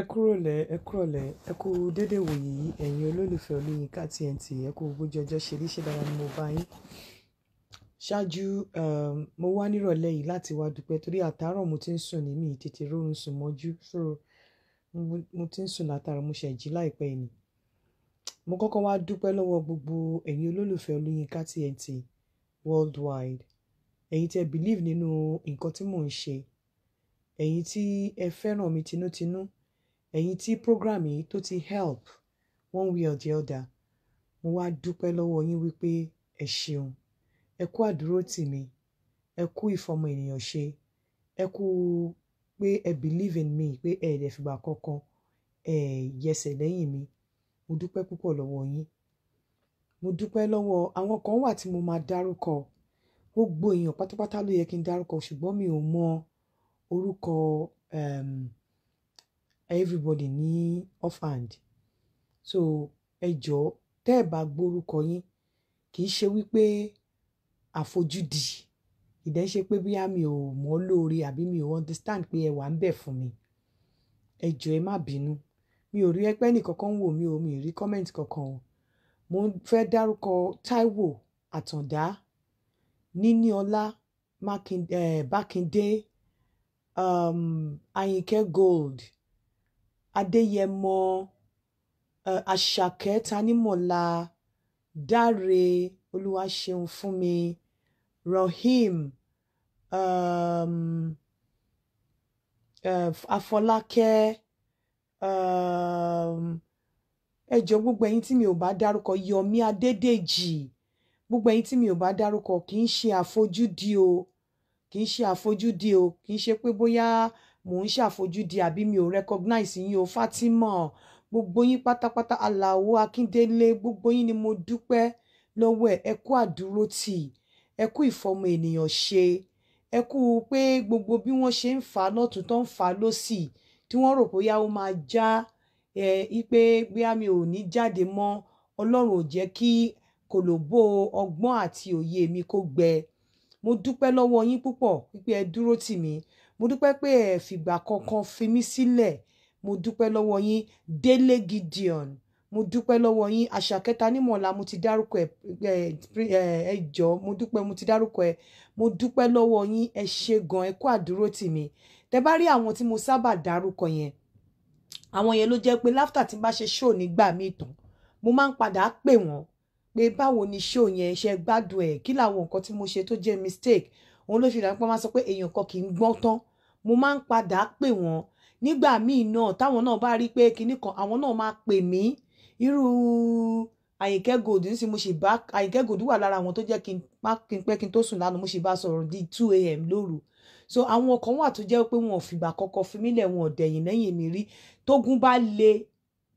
ẹ kúrọ̀lẹ́ ẹ kúrọ̀lẹ́ ẹ kú dédé wòyí yìí ẹ̀yin olólùfẹ́ olóyinka TNT e. ẹ kú bójú ọjọ́ ṣe ní ṣe ni mo bá yín ṣáájú um, mo wá nírọ̀lẹ́ yìí láti wá dúpẹ́ torí àtàárọ̀ mo ti ń sùn ní mi tètè rórun sùn mọ́jú so mo ti ń sùn látàárọ̀ mo ṣe jí láìpẹ́ yìí mo kọ́kọ́ wá dúpẹ́ lọ́wọ́ gbogbo ẹ̀yin olólùfẹ́ olóyinka TNT e worldwide ẹ̀yin tẹ́ believe nínú nǹkan tí mò ń ṣe ẹ̀yin tí ẹ fẹ́ràn mi tinútinú ẹ̀yin tí program yìí tó ti help one way or the other mo wá dúpẹ́ lọ́wọ́ yín wípé ẹ ṣeun ẹ kú àdúró tì mí ẹ kú ìfọmọ ènìyàn ṣe ẹ kú pé ẹ believe in me pé ẹ ẹ̀dẹ̀ fìgbà kankan ẹ yẹsẹ̀ lẹ́yìn mi mo dúpẹ́ púpọ̀ lọ́wọ́ yín mo dúpẹ́ lọ́wọ́ àwọn kan wà tí mo máa dárúkọ gbogbo èèyàn pátápátá ló yẹ kí n dárúkọ ṣùgbọ́n mi ò mọ orúkọ um, everybody ní offhand so ẹ jọ̀ọ́ tẹ́ ẹ bá gbórúkọ yín kì í ṣe wípé àfojúdi ìdẹ́ ṣe pé bí àmì ò mọ́ lóore àbí mi ò understand pé ẹ wà ń bẹ̀ fún mi ẹ jọ̀ọ́ ẹ má bínú mi ò rí ẹpẹ́ nìkankan ń wò mí o mi ò rí comment kankan o mo fẹ́ dárúkọ Táíwò Àtàndá Níníọlá Mákindé eh, um, Àyìnkẹ́ Gold adéyẹmọ uh, àṣàkẹ́ tanímọ̀lá dáre olúwaṣeun fúnmi rohim um, uh, afọlákẹ́ um, ẹ jọ̀ọ́ gbogbo ẹ̀yin tí mi ò bá dárúkọ yọmí adédèjì gbogbo ẹ̀yin tí mi ò bá dárúkọ kì í ṣe àfojúdi o kì í ṣe àfojúdi o kì í ṣe pé bóyá mò ń ṣàfojúdi àbí mi ò recognize yín o Fatima gbogbo yín pátápátá Alao Akíndélé gbogbo yín ni mo dúpẹ́ lọ́wọ́ ẹ̀ ẹ kú àdúrótì ẹ kú ìfọmọ ènìyàn ṣe ẹ kú pé gbogbo bí wọ́n ṣe ń fà á lọ́tún tó ń fà á lọ́sì tí wọ́n rò bóyá ó máa já ẹ ipe bóyá mi ò ní jáde mọ́ Ọlọ́run ò jẹ́ kí kòlòbó ọgbọ́n àti òye mi kó gbẹ mo dúpẹ́ lọ́wọ́ yín púpọ̀ wípé ẹ dúró tì mí mo dúpẹ́ pé ẹ fìgbà kankan fi mí sílẹ̀ mo dúpẹ́ lọ́wọ́ yín Délé Gideon mo dúpẹ́ lọ́wọ́ yín àṣàkẹta nímọ̀ọ́lá mo ti dárúkọ ẹ ẹ jọ mo dúpẹ́ mo ti dárúkọ ẹ mo dúpẹ́ lọ́wọ́ yín ẹ ṣe gan ẹ kú àdúró tì mí tẹ bá rí àwọn tí mo sábà dárúkọ yẹn àwọn yẹn ló jẹ́ pé láftà tí n bá ṣe ṣó nígbà mí tán mo máa ń padà pè wọ́n pé báwo ni ṣó yẹn ṣe gbádùn ẹ̀ kí làwọn nǹkan tí mo ṣe tó jẹ́ mistake òun ló fi rà pé wọ́n máa sọ pé èèyàn kan kì í gbọ́n tán mo máa ń padà pè wọ́n nígbà míì náà táwọn náà bá rí pé kinní kan àwọn náà máa pè mí irú àyìnkẹ́ gòdù ní sì mo sì bá àyìnkẹ́ gòdù wà lára àwọn tó jẹ́ kí n pẹ́ kí n tó sùn lánàá mo sì bá sọ̀rọ̀ di two a.m. lóru so àwọn kan wà tó jẹ́ pé wọn ò fìgbà kọ́kọ́ fi mí lẹ̀ wọn ò dẹ̀yìn lẹ́yìn mi rí tógun bá le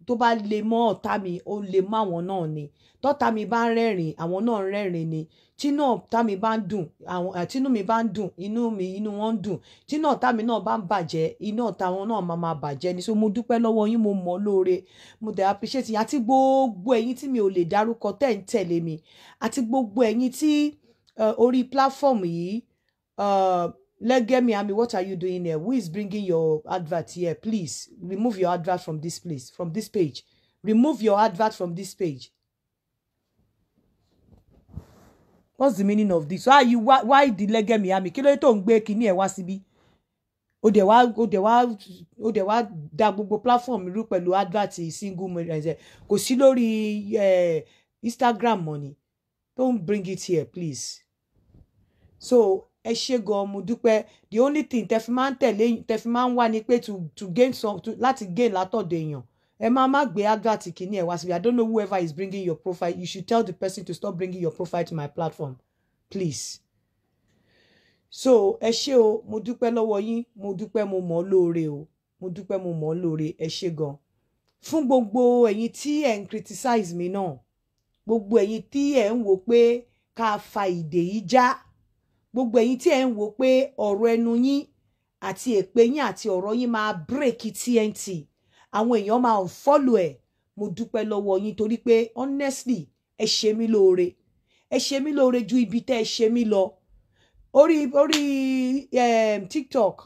tó bá le mọ́ ọ̀tá mi ó le mọ́ àwọn náà ni tọ́ta mi bá ń rẹ́rìn àwọn náà ń rẹ́rìn ni tínú ọ̀tá mi bá ń dùn àwọn mi bá ń dùn inú mi inú wọn ń dùn tínú ọ̀tá mi náà bá ń bàjẹ́ inú ọ̀tá wọn náà máa máa bàjẹ́ ni so mo dúpẹ́ lọ́wọ́ yín mo mọ̀ lóore mo dẹ̀ appreciate yín àti gbogbo ẹ̀yin tí mi ò lè dárúkọ tẹ̀ ń tẹ̀lé mi àti gbogbo ẹ̀yin tí orí platform yìí legemi ami what are you doing here who is bringing your advert here please remove your advert from this place from this page remove your advert from this page what's the meaning of this why you why, why the lẹ́gẹ̀ miami kí ló tó ń gbé kinní ẹ̀ wá síbí o dẹ̀ wá o dẹ̀ wá o dẹ̀ wá da gbogbo platform rú pẹ̀lú advert single message kò sí lórí Instagram money don't bring it here please so ẹ ṣe gan mo dúpẹ́ the only thing tẹ fi máa ń tẹ̀lé fi máa ń ni pé to to gain some to láti gain látọ̀dọ̀ èèyàn ẹ máa má gbé agat kìíní ẹ wá síbi i don't know whoever is bringing your profile you should tell the person to stop bringing your profile to my platform please. so ẹ ṣé o mo dúpẹ́ lọ́wọ́ yín mo dúpẹ́ mo mọ̀ ọ́ lóore o mo dúpẹ́ mo mọ̀ lóore ẹ ṣé gan fún gbogbo ẹ̀yin tí ẹ̀ ń criticize mi náà gbogbo ẹ̀yin tí ẹ̀ ń wò pé ká fa ìdè yìí já gbogbo ẹ̀yin tí ẹ̀ ń wò pé ọ̀rọ̀ ẹnu yín àti èpè yín àti ọ̀rọ̀ yín máa break TNT àwọn èèyàn máa ń follow ẹ̀ mo dúpẹ́ lọ́wọ́ yín torí pé honestly ẹ ṣe mí lóore ẹ ṣe mí lóore ju ibi tẹ́ ẹ ṣe mí lọ orí orí ehm, tiktok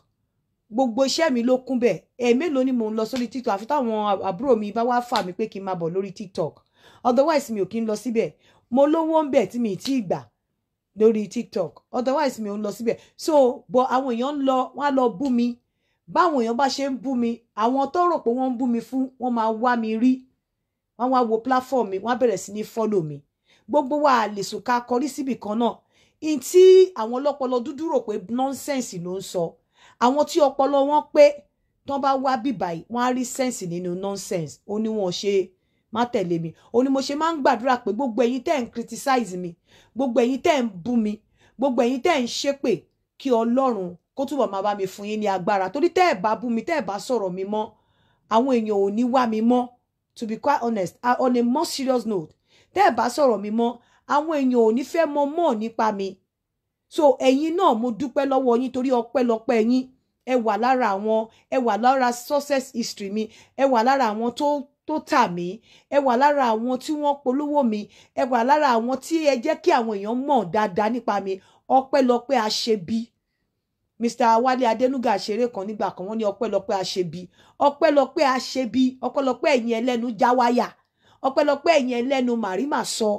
gbogbo iṣẹ́ mi ló kún bẹ́ẹ̀ ẹ̀ẹ́mélòó ni mò ń lọ sórí tiktok àfi táwọn àbúrò mi bá wá fà mí pé kí n máa bọ̀ lórí tiktok otherwise mi ò kí ń lọ síbẹ̀ mo lówó ń bẹ̀ tí mi ti gbà lórí tiktok otherwise mi ò ń lọ síbẹ̀ so bọ̀ àwọn èèyàn ń lọ wọ́n á lọ bú mi báwọn èèyàn bá ṣe ń bú mi àwọn tó rò pé wọ́n ń bú mi fún wọ́n máa wá mi rí wọ́n wá wo platform mi wọ́n á bẹ̀rẹ̀ sí ní follow mi gbogbo wa lè sùn ká kọrí síbì kan náà in tí àwọn ọlọ́pọlọ dúdú rò pé nonsense ló ń sọ àwọn tí ọpọlọ wọn pé tó bá wá bíbáyìí wọ́n á rí sense nínú nonsense ó ní wọ́n ṣe má tẹ̀lé mi ó ní mo ṣe máa ń gbàdúrà pé gbogbo ẹ̀yin tẹ́ ń criticize mi gbogbo ẹ̀yin tẹ́ ń bú mi gbogbo ẹ̀yin tẹ́ ń ṣépè kí ọlọ́run kó túbọ̀ máa bá mi fún yín ní agbára torí tẹ́ ẹ̀ bá bú mi tẹ́ ẹ̀ bá sọ̀rọ̀ mi mọ́ àwọn èèyàn ò ní wá mi mọ́ to be quite honest on a more serious note tẹ́ ẹ̀ bá sọ̀rọ̀ mi mọ́ àwọn èèyàn ò ní fẹ́ mọ mọ́ nípa mi so ẹ̀yin náà mo dúpẹ́ lọ́wọ́ yín torí ọpẹ́lọpẹ́ yín ẹ wà lára àwọn ẹ wà lára success history mi ẹ wà lára àwọn tó tó tà mí ẹ wà lára àwọn tí wọ́n polówó mi ẹ wà lára àwọn tí ẹ jẹ́ kí àwọn èèyàn mọ̀ dáadáa nípa mi ọpẹ́lọpẹ́ àṣebí Mr. Awale, Adénúgà ṣeré kan nígbà kan wọ́n ní ọpẹ́lọpẹ́ aṣebi ọpẹ́lọpẹ́ aṣebi ọpẹ́lọpẹ́ ẹ̀yin ẹlẹ́nu jáwáyà ọpẹ́lọpẹ́ ẹ̀yin ẹlẹ́nu màrímà sọ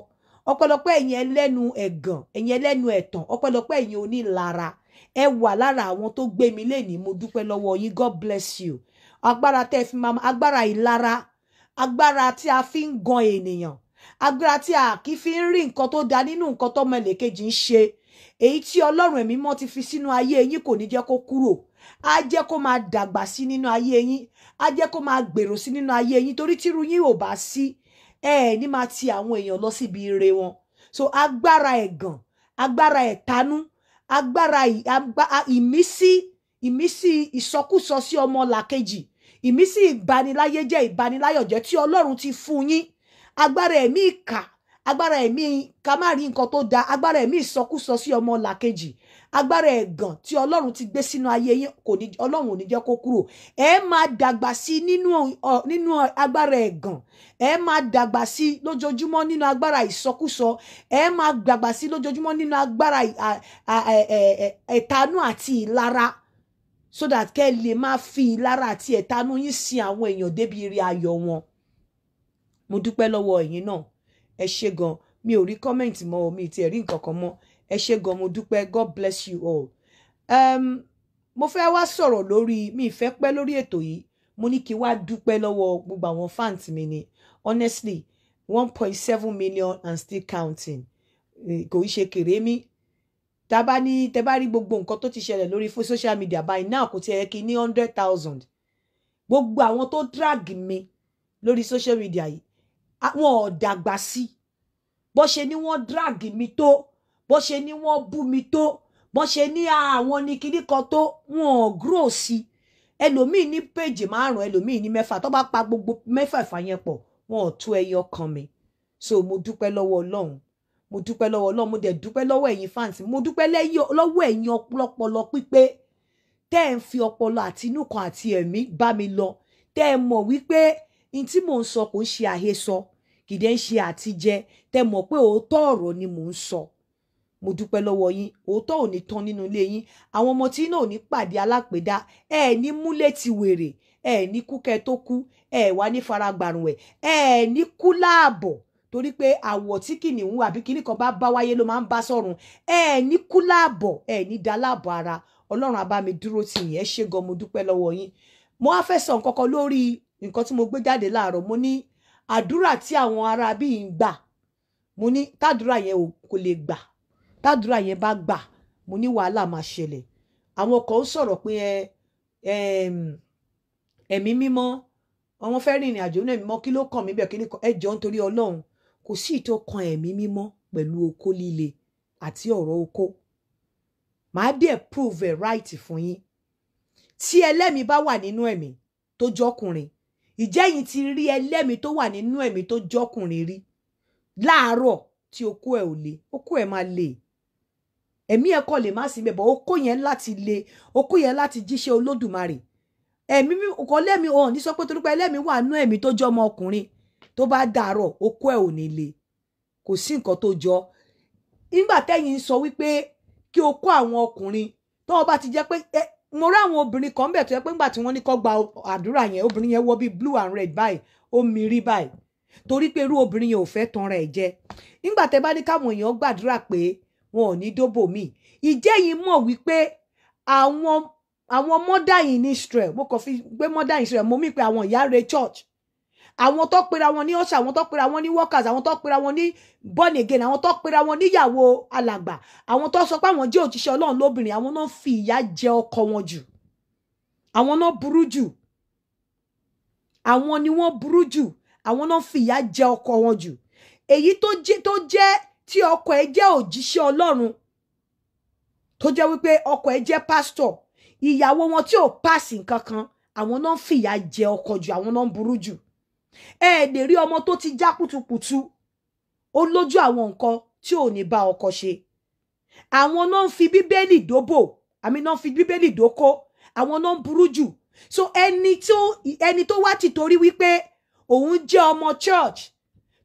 ọpẹ́lọpẹ́ ẹ̀yin ẹlẹ́nu ẹ̀gàn ẹ̀yin ẹlẹ́nu ẹ̀tàn ọpẹ́lọpẹ́ ẹ̀yin onílara ẹ wà lára àwọn tó gbé mi lénìí mo dúpẹ́ lọ́wọ́ yín God bless you agbára tẹ́ fi máa agbára ìlara agbára tí a fi ń gan ènìyàn agbára tí a kì í fi ń rí nǹkan tó da nínú nǹkan tọ́mọ ẹlẹ́kejì ń ṣe èyí tí ọlọ́run ẹ̀mí mọ́ ti fi sínú ayé yín kò ní jẹ́ kó kúrò á jẹ́ kó máa dàgbà sí nínú ayé yín á jẹ́ kó máa gbèrò sí nínú ayé yín torí tírú yín ò bá sí ẹ ní máa ti àwọn èèyàn lọ síbi ire wọn so agbára ẹ̀gàn agbára ẹ̀tanú agbára ìmísí ìmísí ìsọkúsọ sí ọmọ làkejì ìmísí ìbaniláyé jẹ́ ìbaniláyọ̀jẹ́ tí ọlọ́run ti fún yín agbára ẹ̀mí ìkà agbára ẹ̀mí ká má rí nǹkan tó da agbára ẹ̀mí ìsọkúsọ sí ọmọ làkejì agbára ẹ̀gàn tí ọlọ́run ti gbé sínú ayé yín kò ní ọlọ́run ò ní jẹ́ kó kúrò ẹ máa dàgbà sí nínú agbára ẹ̀gàn ẹ máa dàgbà sí lójoojúmọ́ nínú agbára ìsọkúsọ ẹ máa dàgbà sí lójoojúmọ́ nínú agbára ẹ̀tanú àti ìlara so that kẹ́ ẹ lè máa fi ìlara àti ẹ̀tanú yín sin àwọn èèyàn débi ire ayọ̀ wọn mo dúpẹ́ lọ́wọ́ ẹ̀yin náà ẹ ṣé gan mi ò rí comment mọ́ o mi ti ẹ̀ rí nǹkan ẹ ṣé gan mo dúpẹ́ god bless you all. Um, mo fẹ́ wá sọ̀rọ̀ lórí mi ìfẹ́ pẹ́ lórí ètò yìí mo ní kí n wá dúpẹ́ lọ́wọ́ gbogbo àwọn fans mi ni honestly one point seven million and still counting kò í ṣe kéré mi tá a bá ní tẹ bá rí gbogbo nǹkan tó ti ṣẹlẹ̀ lórí fún social media by now kò ti yẹ kí ní hundred thousand gbogbo àwọn tó drag mi lórí social media yìí wọn ò dàgbà sí bó ṣe ni wọ́n drag mi tó bó ṣe ni wọ́n bú mi tó bó ṣe ní àwọn ní kinní kan tó wọn ò grow sí ẹlòmíì ní péjì márùn ẹlòmíì ní mẹ́fà tó bá pa gbogbo mẹ́fẹ̀ẹ̀fà yẹn pọ̀ wọn ò tó ẹyọ kan mi so mo dúpẹ́ lọ́wọ́ Ọlọ́run mo dúpẹ́ lọ́wọ́ Ọlọ́run mo dẹ̀ dúpẹ́ lọ́wọ́ ẹ̀yin fans mo dúpẹ́ lọ́wọ́ ẹ̀yin ọpọlọ pípé tẹ́ ẹ̀ ń fi ọpọlọ àti inú kan àti ẹ̀mí bá mi lọ tẹ́ ẹ mọ̀ wípé n tí mò ń sọ kò ń ṣe àhesọ kì í dẹ́ ń ṣe àtijẹ tẹ mọ̀ pé òótọ́ ọ̀rọ̀ ni mò ń sọ mo dúpẹ́ lọ́wọ́ yín òótọ́ ò ní tán nínú ilé yín àwọn ọmọ tí náà ò ní pàdé alápèdá ẹ ní múlẹ̀ ti wèrè ẹ ní kú kẹ tó kú ẹ wá ní faragbàrùn ẹ ẹ ní kú láàbọ̀ torí pé àwọ̀ tí kìnìún àbí kíní kan bá bá wáyé ló máa ń bá sọ̀run ẹ ní kú láàbọ̀ ẹ ní dá láàbọ̀ ara ọlọ́run abámi dúró tì yín ẹ gan mo dúpẹ́ lọ́wọ́ yín mo á fẹ́ sọ nǹkan kan lórí nǹkan tí mo gbé jáde láàárọ̀ mo ní àdúrà tí àwọn ará bíi ń gbà mo ní tàdúrà yẹn kò lè gbà tàdúrà yẹn bá gbà mo ní wàhálà máa ṣẹlẹ̀ àwọn kan ń sọ̀rọ̀ pé ẹ ẹ̀mí mímọ́ àwọn fẹ́ rìnrìn àjò náà mímọ́ kí ló kàn mí bẹ́ẹ̀ kí ni ẹ jọ nítorí ọlọ́run kò sí ìtò kan ẹ̀mí mímọ́ pẹ̀lú okó líle àti ọ̀rọ̀ okó màá dẹ̀ prove ẹ̀ right fún yín tí ẹlẹ́mìí bá wà nínú ẹ̀mí tó jọkùnrin ìjẹ́ yìí ti rí ẹlẹ́mìí tó wà nínú ẹ̀mí tó jọkùnrin rí láàárọ̀ tí okó ẹ̀ ò le okó ẹ̀ máa le ẹ̀mí ẹ̀ kọ́ lè má sí bẹ́ẹ̀ bọ́ okó yẹn láti le okó yẹn láti jíṣẹ́ olódùmarè ẹ̀mí kọ́ lẹ́mi ọ̀hún ní sọ pé torípé ẹlẹ́mìí wà nínú ẹ̀mí tó jọ ọmọ ọkùnrin tó bá dàárọ̀ okó ẹ̀ ò ní le kò sí nǹkan tó jọ nígbà tẹ́yìn sọ wípé kí okó àwọn ọkùnrin tọ́wọ́ bá ti jẹ́ pé mo rí àwọn obìnrin kan bẹ̀ tó yẹ pé ńgbà tí wọ́n ní kó gba àdúrà yẹn obìnrin yẹn wọ bíi blue and red báyìí ó mirí báyìí torí pé irú obìnrin yẹn ò fẹ́ tanra ẹ̀ jẹ nígbà tẹ bá ní káwọn èèyàn gbàdúrà pé wọn ò ní dóbò míì ìjẹ́ yìí mọ̀ wípé àwọn àwọn mọ́dà yìí ní Israel mo kàn fi gbé mọ́dà yìí Israel mo mí pé àwọn ìyá rẹ̀ church àwọn tó pera wọn ní usher àwọn tó pera wọn ní workers àwọn tó pera wọn ní born again àwọn tó pera wọn níyàwó alàgbà àwọn tó sọ pé àwọn jẹ́ òjíṣẹ́ Ọlọ́run lóbìnrin àwọn náà fi ìyà jẹ ọkọ wọn jù àwọn náà burú jù àwọn ni wọ́n burú jù àwọn náà fi ìyà jẹ ọkọ wọn jù èyí tó jẹ́ tó jẹ́ tí ọkọ ẹ̀ jẹ́ òjíṣẹ́ Ọlọ́run tó jẹ́ wípé ọkọ ẹ̀ jẹ́ pásítọ̀ ìyàwó wọn tí ò pàṣì kankan àwọn náà fìyà jẹ ọkọ jù àwọn náà burú jù ẹ lè rí ọmọ tó ti já kùtùkùtù ó lójú àwọn nǹkan tí ò ní bá ọkọ ṣe àwọn náà ń fi bíbélì dóbò àmì náà ń fi bíbélì dóko àwọn náà ń burú jù so ẹni tó ẹni tó wá ti torí wípé òun jẹ́ ọmọ church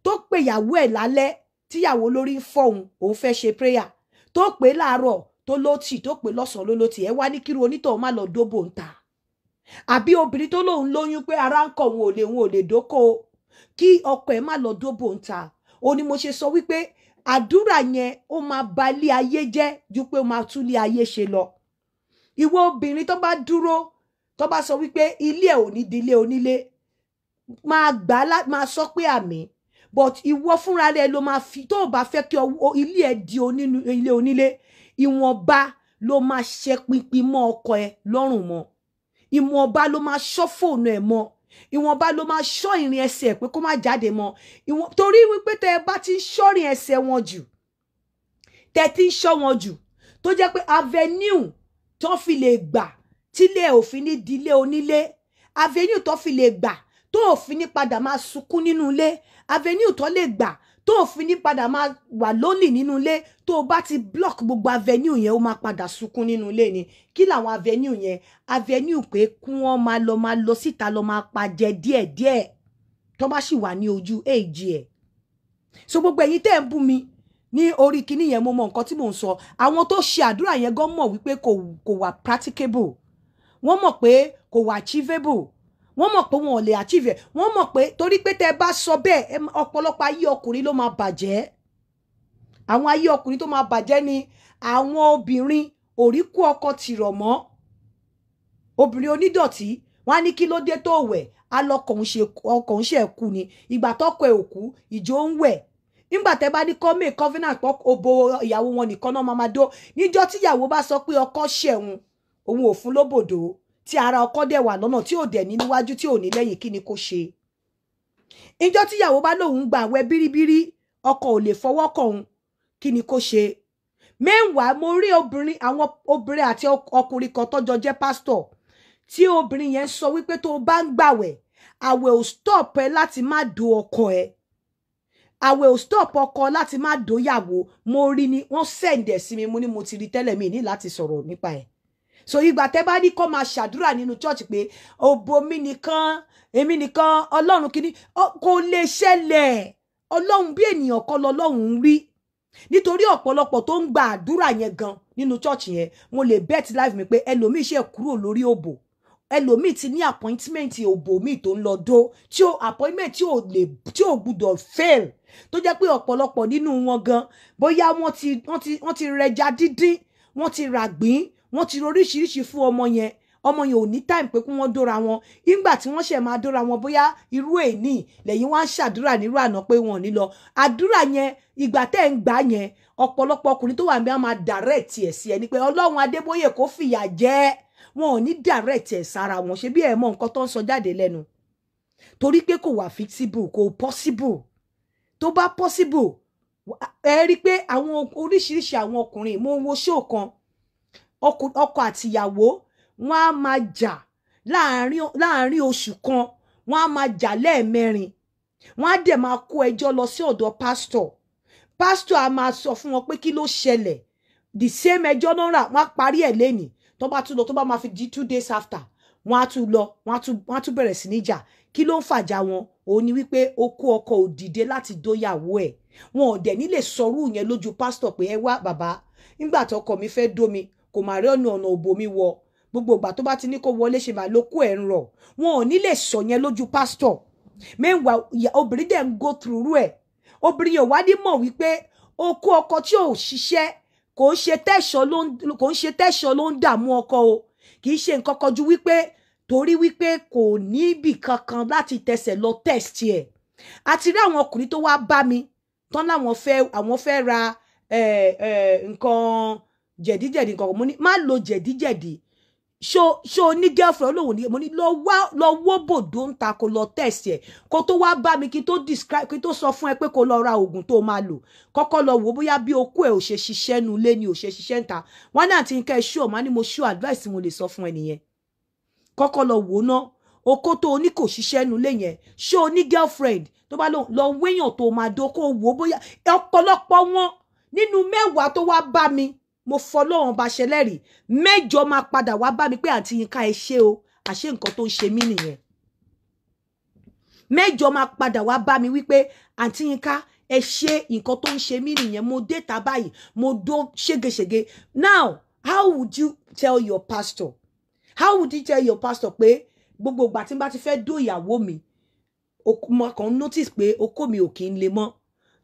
tó pe ìyàwó ẹ̀ lálẹ́ tíyàwó lórí fọhùn òun fẹ́ ṣe prayer tó pè láàárọ̀ tó ló tì tó pè lọ́sàn-án ló ló tì ẹ wá ní kíru onítọ̀ má lọ dóbò ń ta àbí obìnrin tó lóun lóyún pé ara ń kọ òun ò lè òun ò lè dóko kí ọkọ ẹ̀ má lọ dóbò ń ta ó ní mo ṣe sọ wípé àdúrà yẹn ó máa ba ilé ayé jẹ́ ju pé ó máa tún ilé ayé ṣe lọ ìwọ obìnrin tó bá dúró tó bá sọ wípé ilé ẹ̀ ò ní di ilé onílé máa gbà á máa sọ pé àmì but ìwọ fúnra rẹ ló máa fi tó o bá fẹ́ kí ilé ẹ̀ di ilé onílé ìwọ̀nba ló máa ṣe pinpin mọ́ ọkọ ẹ̀ lọ́rùn mọ́ ìwọ̀nba ló máa ṣọ́ fóònù ẹ̀ mọ́ ìwọ̀nba ló máa ṣọ́ ìrìn ẹsẹ̀ pé kó má jáde mọ́ torí wípé tẹ ẹ bá ti ń ṣọ́rin ẹsẹ̀ wọn jù tẹ ti ń ṣọ́ wọn jù tó jẹ́ pé avenue tó fi lè gbà tílé òfin ní dilé onílé avenue tó fi lè gbà tó òfin ní padà máa sunkún nínú ilé avenue tó lè gbà tó fi ní padà máa wà lónìí nínú ilé tó bá ti block gbogbo avenue yẹn ó máa padà sunkún nínú ilé ni kí làwọn avenue yẹn avenue pé kí wọ́n máa lọ máa lọ síta lọ máa pàjẹ díẹ̀díẹ̀ tó bá sì wà ní ojú èjì ẹ̀ so gbogbo ẹ̀yin tẹ́ ń bú mi ní orí kinní yẹn mo mọ nǹkan tí mò ń sọ àwọn tó ṣe àdúrà yẹn gan mọ̀ wípé kò kò wà practicable wọ́n mọ̀ pé kò wà achievable wọ́n mọ̀ pé wọn ò lè achieve ẹ̀ wọ́n mọ̀ pé torí pé tẹ́ ẹ bá sọ bẹ́ẹ̀ ọ̀pọ̀lọpọ̀ ayé ọkùnrin ló máa bàjẹ́ àwọn ayé ọkùnrin tó máa bàjẹ́ ni àwọn obìnrin òríkú ọkọ tìrọ̀ mọ́ obìnrin onídọ̀tí wọ́n á ní kí ló dé tó wẹ̀ á lọ ọkàn ṣe kú ni ìgbà tọkọ ẹ̀ òkú ìjọ ń wẹ̀ nígbà tẹ́ bá ní kọ́mí covenant pọ̀ obo ìyàwó wọn nìkan náà máa máa dó níjọ́ tíyàwó bá sọ pé ọkọ ṣẹ̀hun òun ò fún tí ara ọkọ dẹ̀ wà lọ́nà tí ò dẹ̀ ní níwájú tí ò ní lẹ́yìn kí ni kó ṣe ìjọ tíyàwó bá lòun gba àwẹ̀ bíríbírí ọkọ ò lè fọwọ́ kọ̀ọ̀hún kí ni kó ṣe mẹ́wàá mo rí obìnrin àwọn obìnrin àti ọkùnrin kan tọ́jọ jẹ́ pásítọ̀ tí obìnrin yẹn sọ wípé tó o bá ń gbàwẹ̀ àwẹ̀ ò stop ẹ láti má do ọkọ ẹ àwẹ̀ ò stop ọkọ láti má do yàwó mo rí ni wọ́n sẹ̀ǹdẹ̀ sí mi mo ní mo ti rí tẹ́lẹ̀ mi ní láti sọ̀rọ̀ nípa ẹ̀ so ìgbà tẹ́ bá ní kó máa ṣàdúrà nínú church pé òbò mi nìkan èmi nìkan ọlọ́run kìíní kò lè ṣẹlẹ̀ ọlọ́run bí ènìyàn kọ́ lọ́lọ́run rí nítorí ọ̀pọ̀lọpọ̀ tó ń gba àdúrà yẹn gan nínú church yẹn mo lè bet life mi pé ẹlòmíì ṣe kúrò lórí òbò ẹlòmíì ti ní appointment òbò míì tó ń lọ dó tí ó appointment tí ò lè tí ò gbúdọ̀ fail tó jẹ́ pé ọ̀pọ̀lọpọ̀ nínú wọn gan bóyá wọ́n ti wọ́n ti wọ́n ti rẹja dídín wọ́n ti ràgbín wọ́n ti roríṣiríṣi fún ọmọ yẹn ọmọ yẹn ò ní time pé kí wọ́n dóra wọn nígbà tí wọ́n ṣẹ̀ máa dóra wọn bóyá irú èní lẹ́yìn wá ń ṣàdúrà nírú àná pé wọ́n ní lọ àdúrà yẹn ìgbà tẹ́ ń gbà yẹn ọ̀pọ̀lọpọ̀ ọkùnrin tó wà níbẹ̀ á máa direct ẹ̀ sí ẹni pé ọlọ́run adébóyè kò fìyà jẹ wọn ò ní direct ẹ̀ sára wọn ṣe bí ẹ̀ mọ nǹkan tó ń sọ jáde lẹ́nu torí pé kò wà fixable kò possible tó bá possible ẹ rí i pé àwọn oríṣiríṣi àwọn ọkùnrin mo wo ṣóò kan ọkọ àtìyàwó wọ́n á máa jà láàárín oṣù kan wọ́n á máa jà lẹ́ẹ̀mẹrin wọ́n á dẹ̀ máa kó ẹjọ́ lọ sí ọ̀dọ̀ pásítọ̀ pásítọ̀ á máa sọ fún wọn pé kí ló ṣẹlẹ̀ the same ẹjọ́ náà rà wọ́n á parí ẹ̀ lẹ́nìí tó bá tún lọ tó bá máa fi di two days after wọ́n á tún lọ wọ́n á tún bẹ̀rẹ̀ sí ní jà kí ló ń fàjà wọn òun ni wípé ó kó ọkọ òdìdé láti dóyàwó ẹ̀ wọn ò dẹ̀ nílè sọrú yẹn lójú pásítọ̀ pé ẹ wá bàbá nígbà tọkọ mi fẹ́ dó kò má rí ọ̀nà ọ̀nà òbòmí wọ gbogbo ìgbà tó bá ti ní kó wọlé ṣe máa lókù ẹ̀ ń rọ̀ wọn ò ní lè sọ yẹn lójú pásítọ̀ mẹ́wàá obìnrin dẹ̀ ń go through ẹ̀ obìnrin yẹn wá ní mọ̀ wípé okó ọkọ tí ò ṣiṣẹ́ kò ń ṣe tẹ́ṣọ ló ń dààmú ọkọ o kì í ṣe nǹkan kan ju wípé torí wípé kò níbì kankan láti tẹsẹ̀ lọ test ẹ̀ àti rí àwọn ọkùnrin tó wá bá mi tán láwọn fẹ́ àwọn fẹ́ ra nǹkan jẹ̀díjẹ̀dí kankan mo ní má lo jẹ̀díjẹ̀dí ṣo ṣo ní girlfriend olóhùn ní mo ní lọ wá lọ wó bòdó ń ta kó lọ tẹ̀sí ẹ̀ kó tó wá bá mi kí tó describe kí tó sọ fún ẹ pé kó lọ ra oògùn tó máa lò kọ́kọ́ lọ wò bóyá bí okó ẹ̀ ò ṣe ṣiṣẹ́ nu ilé ni ò ṣe ṣiṣẹ́ ń ta wọn náà ti ń kẹ́ ẹ ṣó ọ̀ma ni mo ṣó advice mo lè sọ fún ẹ nìyẹn kọ́kọ́ lọ wò ná okó tó o ní kò ṣiṣẹ́ nu ilé yẹn ṣó o ní girlfriend tó bá lọ wéyàn tó máa dó kó wò bóyá ọ̀pọ̀lọpọ̀ wọn nínú mẹ́wàá tó wá bá mi mo fọlọ́run bá ṣe lẹ́rìí mẹ́jọ máa padà wá bá mi pé àǹtí Yinka ẹ ṣe o àṣé nǹkan tó ń ṣe mí nìyẹn mẹ́jọ máa padà wá bá mi wípé àǹtí Yinka ẹ ṣe nǹkan tó ń ṣe mí nìyẹn mo dé ta báyìí mo dó ṣégeṣége now how would you tell your pastor how would you tell your pastor pé gbogbo ìgbà tí n bá ti fẹ́ dó ìyàwó mi mo kàn notice pé okó mi ò kí ń le mọ́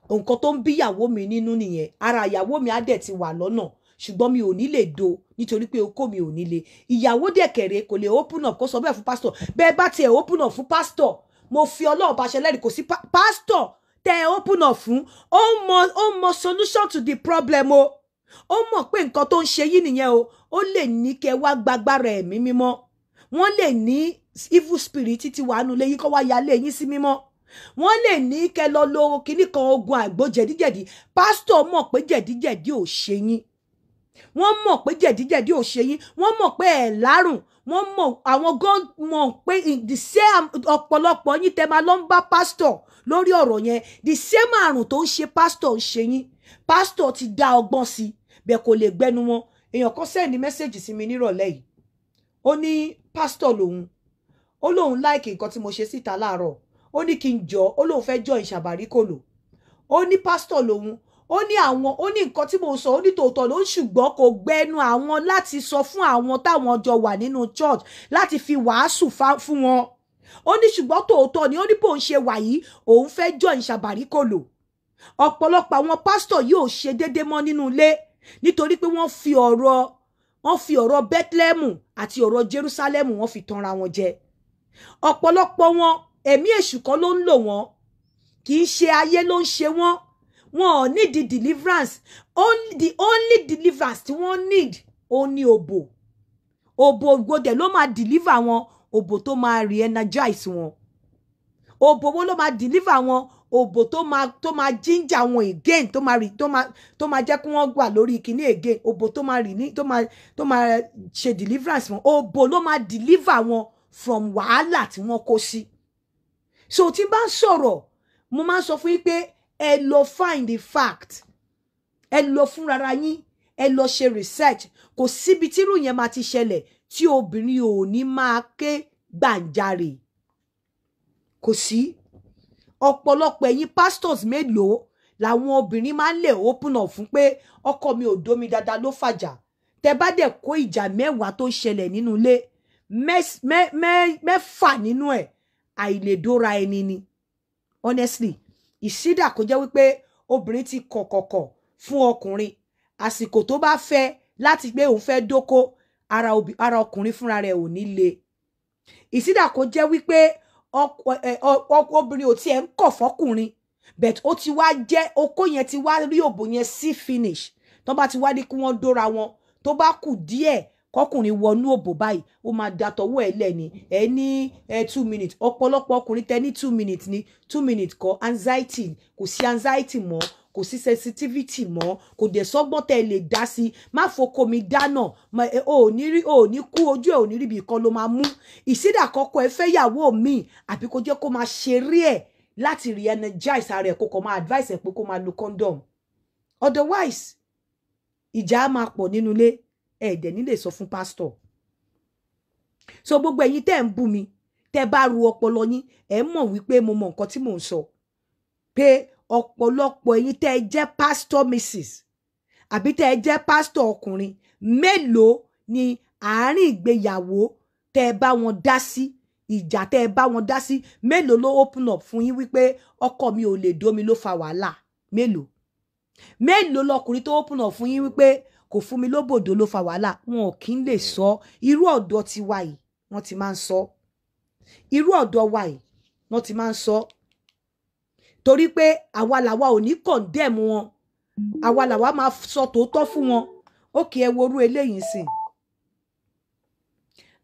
nǹkan tó ń bí ìyàwó mi nínú nìyẹn ara ìyàwó mi á dẹ̀ ti wà lọ́nà ṣùgbọ́n mi ò ní lè do nítorí pé okó mi ò ní le ìyàwó dẹ̀ kẹ̀rẹ́ kò lè open up kó sọ bẹ́ẹ̀ fún pásítọ̀ bẹ́ẹ̀ bá tiẹ̀ open up fún pásítọ̀ mo fi ọlọ́run bá ṣẹlẹ́rì kò sí pásítọ̀ tẹ́ open up fún ó mọ solution to the problem o ó mọ̀ pé nǹkan tó ń ṣe yìí nìyẹn o ó lè ní kẹ́ wá gbàgbára ẹ̀mí mímọ́ wọ́n lè ní evil spirit ti wà nulẹ̀ yìí kọ́ wá yálé yín sí mímọ́ wọ́n lè ní kẹ́ lọ lo kinní kan oògùn àgbo jẹ̀díjẹ̀dí pásítọ̀ mọ̀ pé jẹ̀díjẹ̀dí ò ṣe yín wọ́n mọ̀ pé jẹ̀díjẹ̀dí ò ṣe yín wọ́n mọ̀ pé ẹ̀ lárùn wọ́n mọ̀ àwọn gan mọ̀ pé the same ọ̀pọ̀lọpọ̀ yín tẹ́ máa lọ ń bá pásítọ̀ lórí ọ̀rọ̀ yẹn the same àrùn tó ń ṣe pásítọ̀ ń ṣe yín pásítọ̀ ti dá ọgbọ́n sí bẹ́ẹ̀ kò lè gbẹnu wọn èèyàn kan sẹ́ẹ̀ni mẹ́sẹ̀gì sí mi nírọ̀lẹ́ yìí ó ní pásítọ̀ lòun ó lóun láìkì nǹkan tí mo ṣe síta láàárọ̀ ó ní kí n jọ ó lóun fẹ́ jọ ìṣàbárí lò ó ní pásítọ̀ lòun ó ní àwọn ó ní nǹkan tí mo sọ ó ní tòótọ́ ló ń ṣùgbọ́n kò gbẹnu àwọn láti sọ fún àwọn táwọn jọ wà nínú church láti fi wàásù fún wọn ó ní ṣùgbọ́n tòótọ́ ni ó ní bóun ṣe wà yìí òun fẹ́ join ṣàbàríkòlò ọ̀pọ̀lọpọ̀ àwọn pásítọ̀ yìí ò ṣe déédéé mọ́ nínú ilé nítorí pé wọ́n fi ọ̀rọ̀ wọ́n fi ọ̀rọ̀ bethlehem àti ọ̀rọ̀ jerusalem wọ́n fi tanra wọn jẹ ọ̀pọ̀lọpọ̀ wọn ẹ̀mí èṣù kan ló ń lò wọ́n kì í ṣe ayé ló ń ṣe wọ́n wọn ò need the deliverance only the only deliverance tí wọ́n need òun ni òbò òbò gbọdẹ ló máa deliver wọn òbò tó máa re-energize wọn òbò wo ló máa deliver wọn òbò tó máa tó máa ginger wọn again tó máa tó máa tó máa jẹ́ kí wọ́n gbà lórí kinní again òbò tó máa rì ní tó máa tó máa ṣe deliverance wọn òbò ló máa deliver wọn from wàhálà tí wọ́n kó sí so tí n bá ń mo máa sọ fún yín pé ẹ lọ find the fact ẹ lọ fúnra yín ẹ lọ ṣe research kò síbi tírú yẹn máa ti ṣẹlẹ̀ tí obìnrin ò ní máa ké gbàǹjarè kò sí ọ̀pọ̀lọpọ̀ ẹ̀yin pastors mélòó làwọn obìnrin máa ń lè open up fún pé ọkọ mi ò domi dáadáa ló fàjà tẹ bá dẹ̀ kó ìjà mẹ́wàá tó ń ṣẹlẹ̀ nínú ilé mẹ́fà nínú ẹ̀ àìlèdóra ẹni ni honestly ìṣídà kò jẹ́ wípé obìnrin ti kọ̀kọ̀kọ̀ fún ọkùnrin àsìkò tó bá fẹ́ láti gbé òun fẹ́ dóko ara ọkùnrin fúnra rẹ̀ ò ní le ìṣídà kò jẹ́ wípé obìnrin ò tiẹ̀ ń kọ̀ fọ́kùnrin but ó ti wá jẹ́ okó yẹn ti wá rí òbò yẹn sí finish tó bá ti wá ní kí wọ́n dóra wọn tó bá kù díẹ̀ kọkùnrin wọnú òbò báyìí ó máa datọwọ́ ẹ̀ lẹ́ni ẹ ní ẹ two minutes ọ̀pọ̀lọpọ̀ ọkùnrin tẹ ní two minutes ní two minutes kọ́ anxiety kò sí anxiety mọ́ kò sí sensitivity mọ́ kò dẹ̀ sọ́gbọ́n tẹ́ ẹ lè dá sí má foko mi dáná o ò ní rí o ò ní kú ojú ẹ ò ní rí ibi kan ló máa mú ìsídà kọ́kọ́ ẹ fẹ́ yàwó mi àbí kó jẹ́ kó máa ṣeré ẹ̀ láti re-energize ara ẹ̀ kó kọ́ máa advice ẹ̀ pé kó máa lo condom otherwise ìjà á máa pọ̀ nínú ilé ẹ dẹ̀ nílè sọ fún pásítọ̀ so gbogbo ẹ̀yin tẹ́ ń bú mi tẹ́ bá ru ọpọlọ yín ẹ mọ̀ wípé mo mọ nǹkan tí mò ń sọ pé ọ̀pọ̀lọpọ̀ ẹ̀yin tẹ́ jẹ́ pásítọ̀ mrs àbí tẹ́ jẹ́ pásítọ̀ ọkùnrin mélòó ni àárín ìgbéyàwó tẹ́ bá wọn dá sí ìjà tẹ́ bá wọn dá sí mélòó ló open up fún yín wípé ọkọ mi ò lè dómi ló fa wàhálà mélòó mélòó lọkùnrin tó open up fún yín wípé kò fún mi lóbòdó ló fa wàhálà wọn ò kí ń lè hmm. sọ irú ọ̀dọ́ ti wa yìí wọ́n ti máa ń sọ irú ọ̀dọ́ wa yìí wọ́n ti máa ń sọ torí pé àwa làwa ò ní kọ̀ǹdẹ̀mù wọn àwa làwa máa sọ tòótọ́ fún wọn ó kì í ẹ worú eléyìí sìn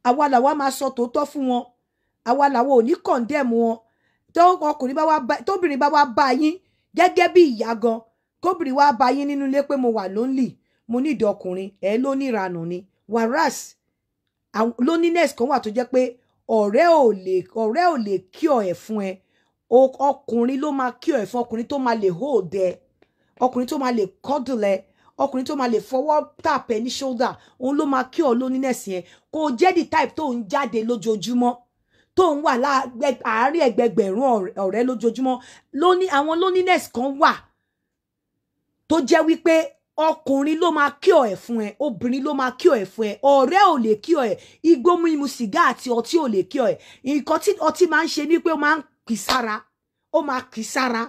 àwa làwa máa sọ tòótọ́ fún wọn àwa làwa ò ní kọ̀ǹdẹ̀mù wọn tọkùnrin bá wá bá tóbìnrin bá wá bá yín gẹ́gẹ́ bí ìyá gan kóbìnrin wá bá yín nínú ilé pé mo wà lónìí mo ní ìdí ẹ ló níranù ni whereas loneliness kan wà tó jẹ́ pé ọ̀rẹ́ ò lè ọ̀rẹ́ ò lè kí ọ ẹ̀ fún ẹ ọkùnrin ló máa kí ọ ẹ̀ fún ọkùnrin tó máa lè hold ẹ ọkùnrin tó máa lè cuddle ẹ ọkùnrin tó máa lè fọwọ́ tàpẹ́ ní shoulder òun ló máa kí ọ loneliness yẹn kò jẹ́ the type tó ń jáde lójoojúmọ́ tó ń wà láàárín ẹgbẹgbẹ̀rún ọ̀rẹ́ lójoojúmọ́ àwọn loneliness kan wà tó jẹ́ wípé ọkùnrin ló máa kí ọ ẹ fún ẹ obìnrin ló máa kí ọ ẹ fún ẹ ọ̀rẹ́ ò lè kí ọ ẹ igbó mímu sìgá àti ọtí ò lè kí ọ ẹ nǹkan tí ọtí máa ń ṣe ni pé ó máa ń kì sára ó máa kì sára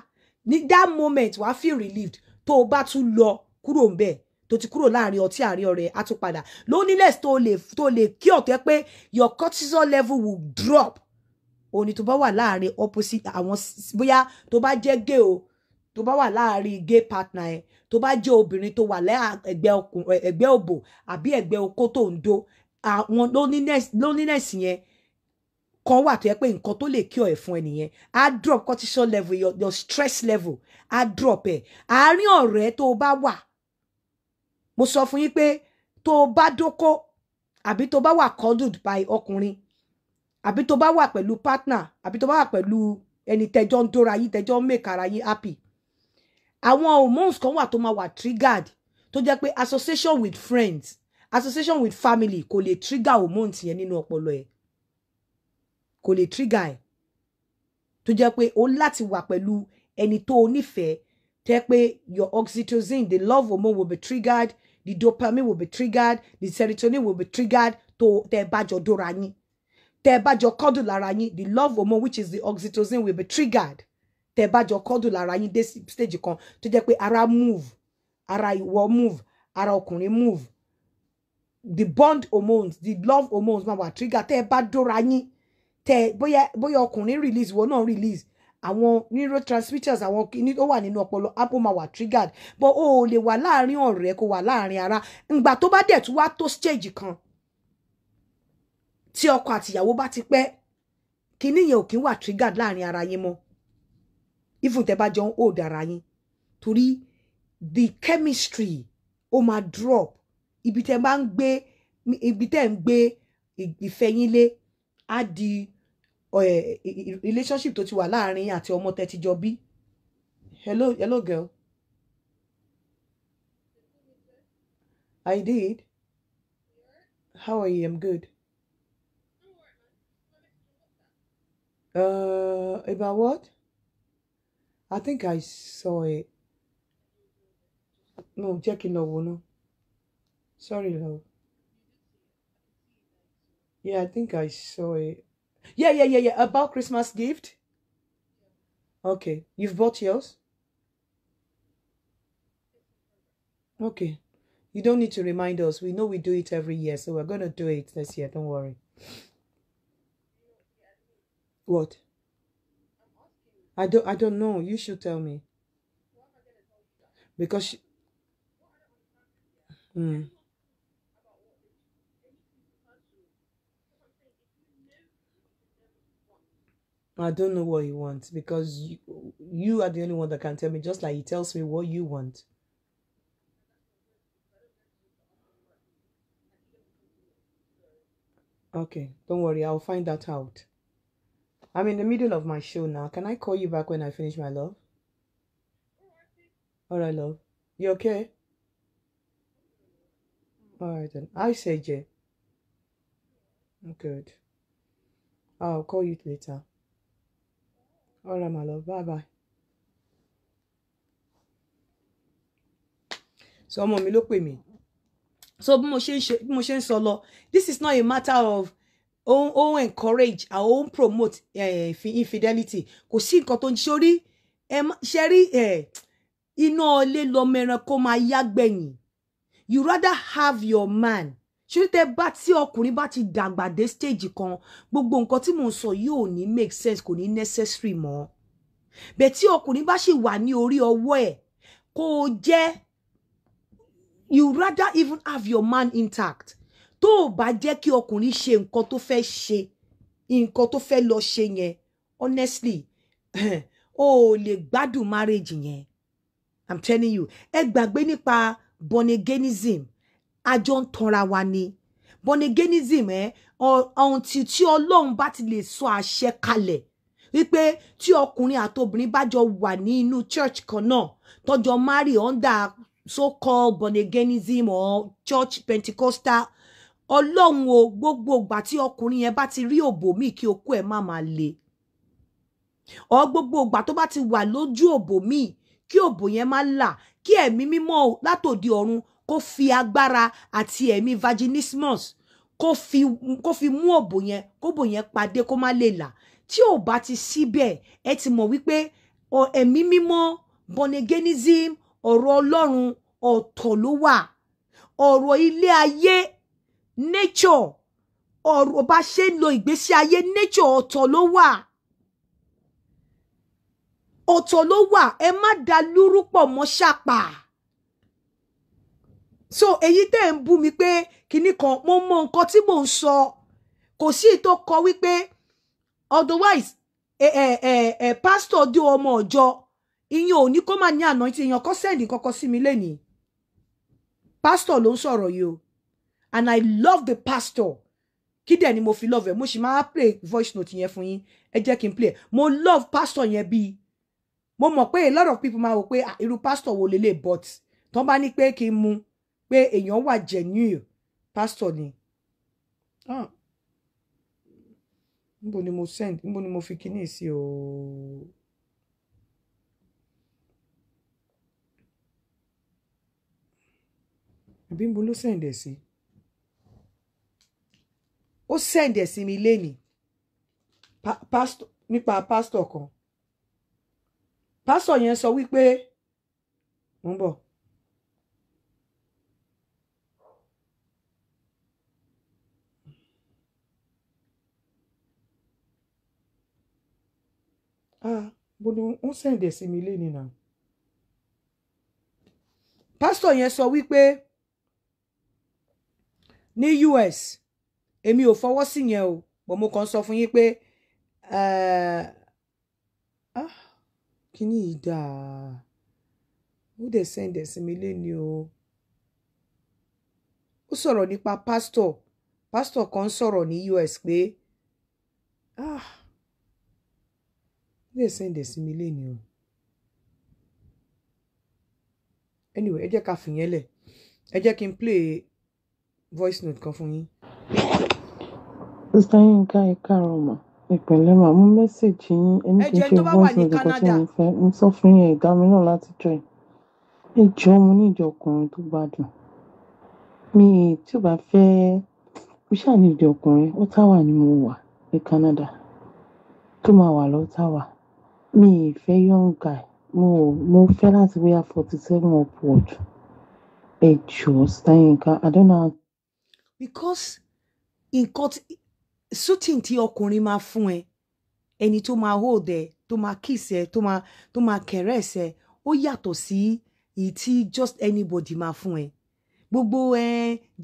ní that moment wàá feel relieved tó o bá tún lọ kúrò ń bẹ̀ tó ti kúrò láàrin ọtí àárín ọ̀rẹ́ àtúpadà loneliness tó lè tó lè kí ọtẹ pé your cortisol level will drop òní tó bá wà láàrin opposite àwọn bóyá tó bá jẹ́ gay o tó bá wà láàárín gay partner ẹ tó bá jẹ́ obìnrin tó wà lẹ́gbẹ́ ẹgbẹ́ òbò àbí ẹgbẹ́ okó tó ń do àwọn loneliness yẹn kan wà tó yẹ pé nǹkan tó lè kí ọ ẹ fún ẹ nìyẹn á drop cortisol level your, your stress level á drop ẹ àárín ọ̀rẹ́ tó bá wà mo sọ fún yín pé tó bá dóko àbí tó bá wà cuddled by ọkùnrin àbí tó bá wà pẹ̀lú partner àbí tó bá wà pẹ̀lú ẹni tẹjọ́ ń dóra yín tẹjọ́ ń mèkàrà yín happy àwọn hormones kan wà tó máa wà triggered tó jẹ́ pé association with friends association with family kò lè trigger hormones yẹn nínú ọpọlọ ẹ̀ kò lè trigger ẹ̀ tó jẹ́ pé o láti wà pẹ̀lú ẹni tó o nífẹ̀ẹ́ tẹ́ pé your oxytocin the love hormone will be triggered the dopamine will be triggered the serotonin will be triggered tó tẹ́ bá jọ dóra yín tẹ́ bá jọ kọ́dù lára yín the love hormone which is the oxytocin will be triggered tẹ bá jọ kọ́dù lára yín dé stage kan tó jẹ́ pé ara move ara ìwọ move ara ọkùnrin move the bond hormones the love hormones máa wà trigger tẹ bá dóra yín tẹ bóyá bóyá ọkùnrin release ìwọ náà release àwọn neurotransmitters àwọn kìíní tó wà nínú ọpọlọ apple máa wà triggered but o ò lè wà láàrin ọ̀rẹ́ kó wà láàrin ara ngbà tó bá dẹ̀ tún wá tó stage kan tí ọkọ àtìyàwó bá ti pẹ́ kìíní yẹn ò kí ń wà triggered láàrin ara yín mọ́ even tẹ́ bá jọ ń hold ara yín torí the chemistry ó máa drop ibi tẹ́ bá ń gbé ibi tẹ́ ń gbé ìfẹ́ yín lé á di relationship tó ti wà láàrin yín àti ọmọ tẹ́ ti jọ bí hello hello girl I did how are you I'm good. Uh, about what? I think I saw it. No, Jackie no n Sorry, love. Yeah, I think I saw it. Yeah, yeah, yeah, yeah. About Christmas gift. Okay, you've bought yours? Okay. You don't need to remind us. We know we do it every year, so we're going to do it this year. Don't worry. What? I don't I don't know. You should tell me. Because she, mm. I don't know what he wants because you, you are the only one that can tell me, just like he tells me what you want. Okay, don't worry, I'll find that out. I'm in the middle of my show now. Can I call you back when I finish my love? All right, love. You okay? All right, then. I say J. Good. I'll call you later. All right, my love. Bye bye. So, ọmọ mi ló pè mí. So, bí mo this is not a matter of ó ń encourage àwọn ó ń promote eh, infidelity kò sí nǹkan tó ń sórí ṣe rí eh, iná ilé lọmọ kó máa yá gbẹ̀yìn you rather have your man ṣé tẹ bá tí ọkùnrin bá ti dàgbà dé stage kan gbogbo nǹkan tí mò ń sọ yóò ní make sense kò ní necessary mọ́ bẹ́ẹ̀ tí ọkùnrin bá ṣì wà ní orí ọwọ́ ẹ̀ kó o jẹ́ you rather even have your man intact tó o bá jẹ́ kí ọkùnrin ṣe nǹkan tó fẹ́ ṣe nǹkan tó fẹ́ lọ ṣe yẹn honestly o ò lè gbádùn marriage yẹn i'm telling you ẹ gbàgbé nípa borneganism àjọ ń tanra wa ni borneganism ẹ ohun tí tí ọlọ́run bá ti lè sọ àṣẹ kalẹ̀ wípé tí ọkùnrin àtobìnrin bá jọ wà ní inú church kan náà tọjọ marry under so called borneganism or church pentecostal ọlọ́run o gbogbo ìgbà tí ọkùnrin yẹn bá ti rí òbò míì kí okó ẹ̀ má máa le ọ gbogbo ìgbà tó bá ti wà lójú òbò míì kí òbò yẹn má là kí ẹ̀mí mímọ́ látòdì ọ̀run kó fi agbára àti ẹ̀mí vaginismus kó fi kó fi mú òbò yẹn kóbò yẹn pàdé kó má lè là tí ò bá ti síbẹ̀ ẹ ti mọ̀ wípé ẹ̀mí mímọ́ bonegenism ọ̀rọ̀ ọlọ́run ọ̀tọ̀ ló wà ọ̀rọ̀ ilé ayé nature ọ̀rọ̀ bá ṣe ń lo ìgbésí ayé nature ọ̀tọ̀ ló wà ọ̀tọ̀ ló wà ẹ má da lúrú mọ́ ṣàpà so èyí tẹ́ ń bú mi pé kinní kan mo mọ nǹkan tí mò ń sọ kò sí tó kọ wípé otherwise ẹ ẹ ẹ ẹ pastor dé ọmọ ọ̀jọ́ ìyẹn ò ní kó má ní àná tí èèyàn kọ́ sẹ́ẹ̀dì kọ́kọ́ sí mi lénìí pásítọ̀ ló ń sọ̀rọ̀ yìí o and I love the pastor kí dẹ̀ ni mo fi love ẹ̀ mo sì máa play voice note yẹn fún yín ẹ jẹ́ kí n play mo love pastor yẹn bíi mo mọ̀ pé a lot of people máa wò pé ah, irú pastor wo lele but tán bá ní pé kí n mu pé èèyàn wà genuine pastor ni. Ah níbo ni mo send níbo ni mo fi kíní sí o. àbí níbo ló send ẹ̀ ó sẹ̀ǹdẹ̀ sí mi lénìí nípa pásítọ̀ kan pásítọ̀ yẹn sọ wípé mo ń bọ̀. ah bó ni wọ́n sẹ̀ǹdẹ̀ sí mi lénìí náà pásítọ̀ yẹn sọ wípé ní US èmi ò fọwọ́ sí yẹn o bọ̀ mo kàn sọ fún yín pé eh, ah, kíní yìí dáa ó dẹ̀ sẹ́ndẹ̀ sí mi lẹ́ni o ó sọ̀rọ̀ nípa pásítọ̀ pásítọ̀ kan sọ̀rọ̀ ní US pé ah, ó dẹ̀ sẹ́ndẹ̀ sí mi lẹ́ni o anyway ẹ jẹ́ ká fìyẹn ẹ jẹ́ kí n play voice note kan fún yín. Sísá Yínká Ìkárọ̀ mà, ìpínlẹ̀ mà, mo mẹ́sàgì yín ẹni kí n ṣe voice note kan tí mo fẹ́, mo sọ fún yín ẹ̀dá mi náà láti jọ ẹ̀. Ẹ jọ mo ní ìdí ọkùnrin tó gbádùn. Mi tí ò bá fẹ́, mo ṣáà ní ìdí ọkùnrin, Ottawa ni mo wà ní Canada tó máa wà l'Ottawa. Mi fẹ́ young guy, mo mo fẹ́ láti bóyá forty seven upward. Ẹ jọ Sísá Yínká, I don't know. Because nǹkan suiting tí ọkùnrin máa fún ẹ ẹni tó máa hold ẹ tó máa kiss ẹ tó máa tó máa caress ẹ ó yàtọ̀ sí èyí tí just anybody máa fún ẹ gbogbo ẹ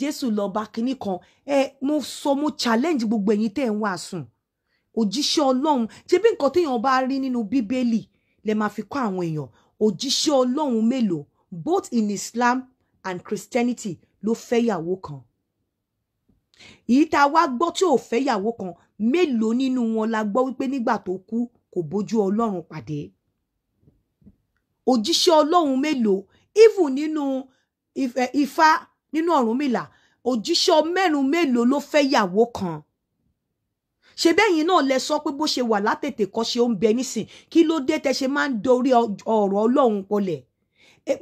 jésù lọ bá kinní kan ẹ mo sọ mo challenge gbogbo ẹ̀yin tẹ́ ẹ ń wàásùn òjíṣẹ́ ọlọ́run ṣé bí nǹkan téèyàn bá rí nínú bíbélì lè máa fi kọ́ àwọn èèyàn òjíṣẹ́ ọlọ́run mélòó both in Islam and Christianity ló fẹ́yàwó kan èyí wa a wá gbọ́ tí ò fẹ́ yàwó kan mélòó nínú wọn la gbọ́ wípé nígbà tó kú kò bójú ọlọ́run pàdé òjíṣẹ́ ọlọ́run mélòó even nínú ifá nínú ọ̀rúnmìlà òjíṣẹ́ mẹ́rin mélòó ló fẹ́ yàwó kan ṣe bẹ́yìn náà lẹ sọ pé bó ṣe wà látètè kọ́ ṣe ó ń bẹ nísìn kí ló dé tẹ ṣe máa ń dorí ọ̀rọ̀ ọlọ́run pọlẹ̀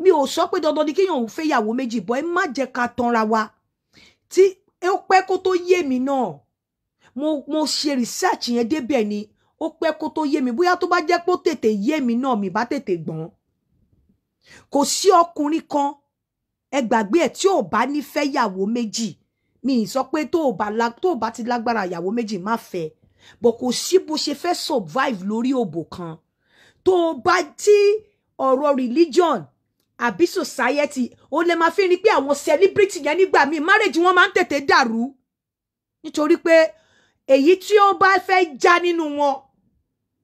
mi ò sọ pé dandan ni kéèyàn fẹ́ yàwó méjì bọ́ ẹ má jẹ́ ká tanra wa tí ó pẹ́ kó tó yé mi náà mo mo ṣe research yẹn débẹ̀ ni ó pẹ́ kó tó yé mi bóyá tó bá jẹ́ pé ó tètè yé mi náà mi bá tètè gbọ́n kò sí ọkùnrin kan ẹ gbàgbé ẹ tí ò bá nífẹ̀ẹ́ yàwó méjì mi ì sọ pé tó o bá tó o bá ti lágbára yàwó méjì má fẹ́ bọ̀ kò sí bó ṣe fẹ́ survive lórí òbò kan tó o bá tí ọ̀rọ̀ religion àbí society ó lè máa fi rí pé àwọn celebrity yẹn nígbà míì marriage wọn máa ń tètè dàrú nítorí pé èyí tí ó bá fẹ́ já nínú wọn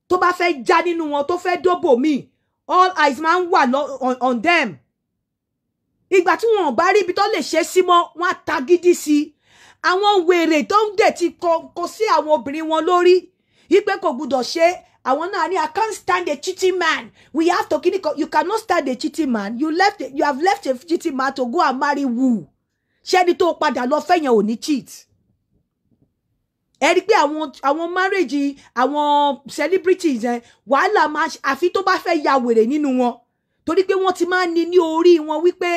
tó bá fẹ́ já nínú wọn tó fẹ́ dóbò míì all eyes máa ń wà on, on them ìgbà tí wọn ò bá rí ibi tó lè ṣe sí mọ́ wọn á ta gidi sí i àwọn wèrè tó ń dẹ̀ ti kọ sí àwọn obìnrin wọn lórí yí pé kò gbúdọ̀ ṣe àwọn náà ni i can't stand a cheating man we have to kini you cannot stand a cheating man you left you have left a cheating man to go and marry who ṣẹ́ni tó padà lọ fẹ́yàn ò ní cheat ẹ i pé àwọn àwọn marriage àwọn celebrities ẹ wàhálà máa àfi tó bá fẹ́ ya wèrè nínú wọn torí pé wọ́n ti máa ń ní ní orí wọn wípé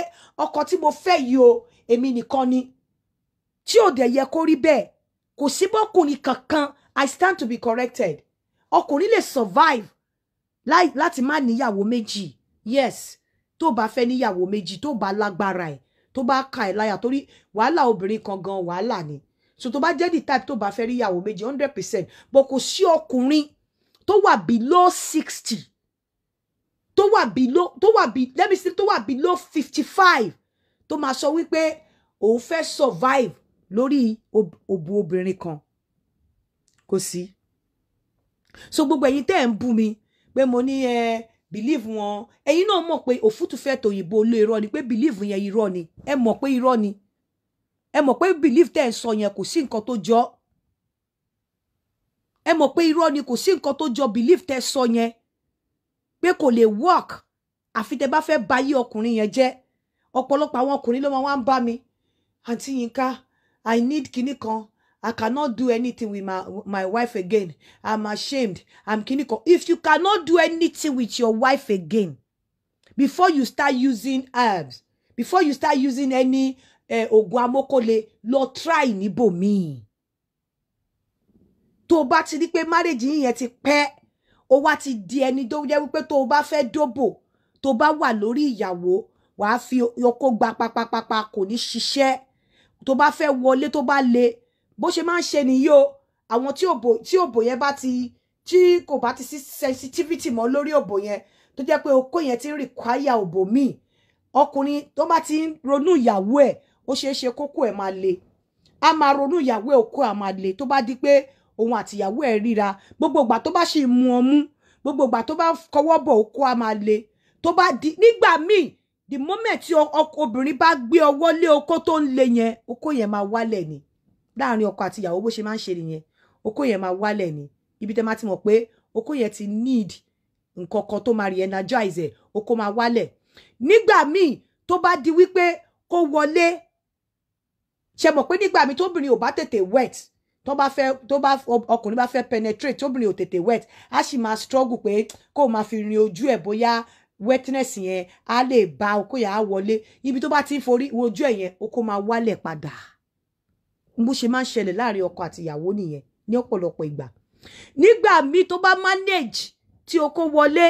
ọkọ tí mo fẹ́ yìí o èmi nìkan ni tí ò dẹ̀ yẹ kó rí bẹ́ẹ̀ kò síbọ̀kùnrin kankan i stand to be corrected ọkùnrin lè survive láti má níyàwó méjì yes tó bá fẹ́ níyàwó méjì tó bá lágbára ẹ̀ tó bá ka ẹ̀ láyà torí wàhálà obìnrin kan gan wàhálà ni so tó bá jẹ́ the type tó bá fẹ́ ríyàwó méjì hundred percent but kò sí ọkùnrin tó wà below sixty tó wà below tó wà be let me say tó wà below fifty five tó máa sọ wípé òun fẹ́ survive lórí òbò obìnrin kan kò sí. Si so gbogbo ẹ̀yin tẹ́ ẹ̀ ń bú mi pé mo ní ẹ believe wọn ẹ̀yin náà mọ̀ pé òfútùfẹ́ tòyìnbó olú irọ́ ni pé believe yẹn irọ́ ni ẹ mọ̀ pé irọ́ ni ẹ mọ̀ pé believe tẹ́ ẹ̀ ń sọ yẹn kò sí nǹkan tó jọ ẹ mọ̀ pé irọ́ ni kò sí nǹkan tó jọ believe tẹ́ ẹ sọ yẹn pé kò lè work àfi tẹ́ bá fẹ́ bayé ọkùnrin yẹn jẹ́ ọ̀pọ̀lọpọ̀ àwọn ọkùnrin ló máa wá ń bá mi àǹtí Yínká I need kinní kan I cannot do anything with my my wife again. I'm ashamed. I'm kiniko. If you cannot do anything with your wife again, before you start using herbs, before you start using any uh, oògùn amókòlè, lọ try nibo me. Toba o bá ti rí pé marriage yín yẹn ti pẹ́, ó wá ti di ẹni tó jẹ́ wípé Toba o bá fẹ́ wa tó o bá wà lórí ìyàwó, wàá fi ọkọ gba papapapa kò toba ṣiṣẹ́. Tó o bá fẹ́ wọlé le bó ṣe máa ń ṣe nìyí o àwọn tí òbò yẹn bá ti tí kò bá ti sí sensitivity mọ́ lórí òbò yẹn tó jẹ́ pé okó yẹn ti ń require òbò míì ọkùnrin tó bá ti ń ronú ìyàwó ẹ̀ ó ṣeé ṣe kókó ẹ̀ máa le a máa ronú ìyàwó ẹ̀ okó ẹ̀ máa le tó bá di pé òun àtìyàwó ẹ̀ ríra gbogbo ìgbà tó bá ṣì mu ọmú gbogbo ìgbà tó bá kọwọ́ bọ̀ okó ẹ̀ máa le tó bá di nígbà míì the moment tí obìnrin bá gbé ọwọ́ lé okó tó ń le yẹn okó yẹn máa wálẹ̀ ni láàrin ọkọ àti ìyàwó bó ṣe máa ń ṣe nìyẹn okó yẹn máa wálẹ̀ ni ibi tẹ́ máa ti mọ̀ pé okó yẹn ti need nǹkan kan tó máa rí energize ẹ̀ okó máa wálẹ̀ nígbà míì tó bá di wípé kó wọlé ṣe mọ̀ pé nígbà míì tóbìnrin ò bá tètè wet tó bá fẹ́ tó bá ọkùnrin bá fẹ́ penetrate tóbìnrin ò tètè wet á sì máa struggle pé kó máa fi rin ojú ẹ̀ bóyá wetness yẹn á lè ba okó yẹn á wọlé ibi tó bá ti ń forí ojú ẹ̀ yẹn okó máa wálẹ̀ padà. bó ṣe máa ń ṣẹlẹ̀ láàrin ọkọ àti ìyàwó nìyẹn ní ọ̀pọ̀lọpọ̀ ìgbà nígbà míì tó bá manage tí o kó wọlé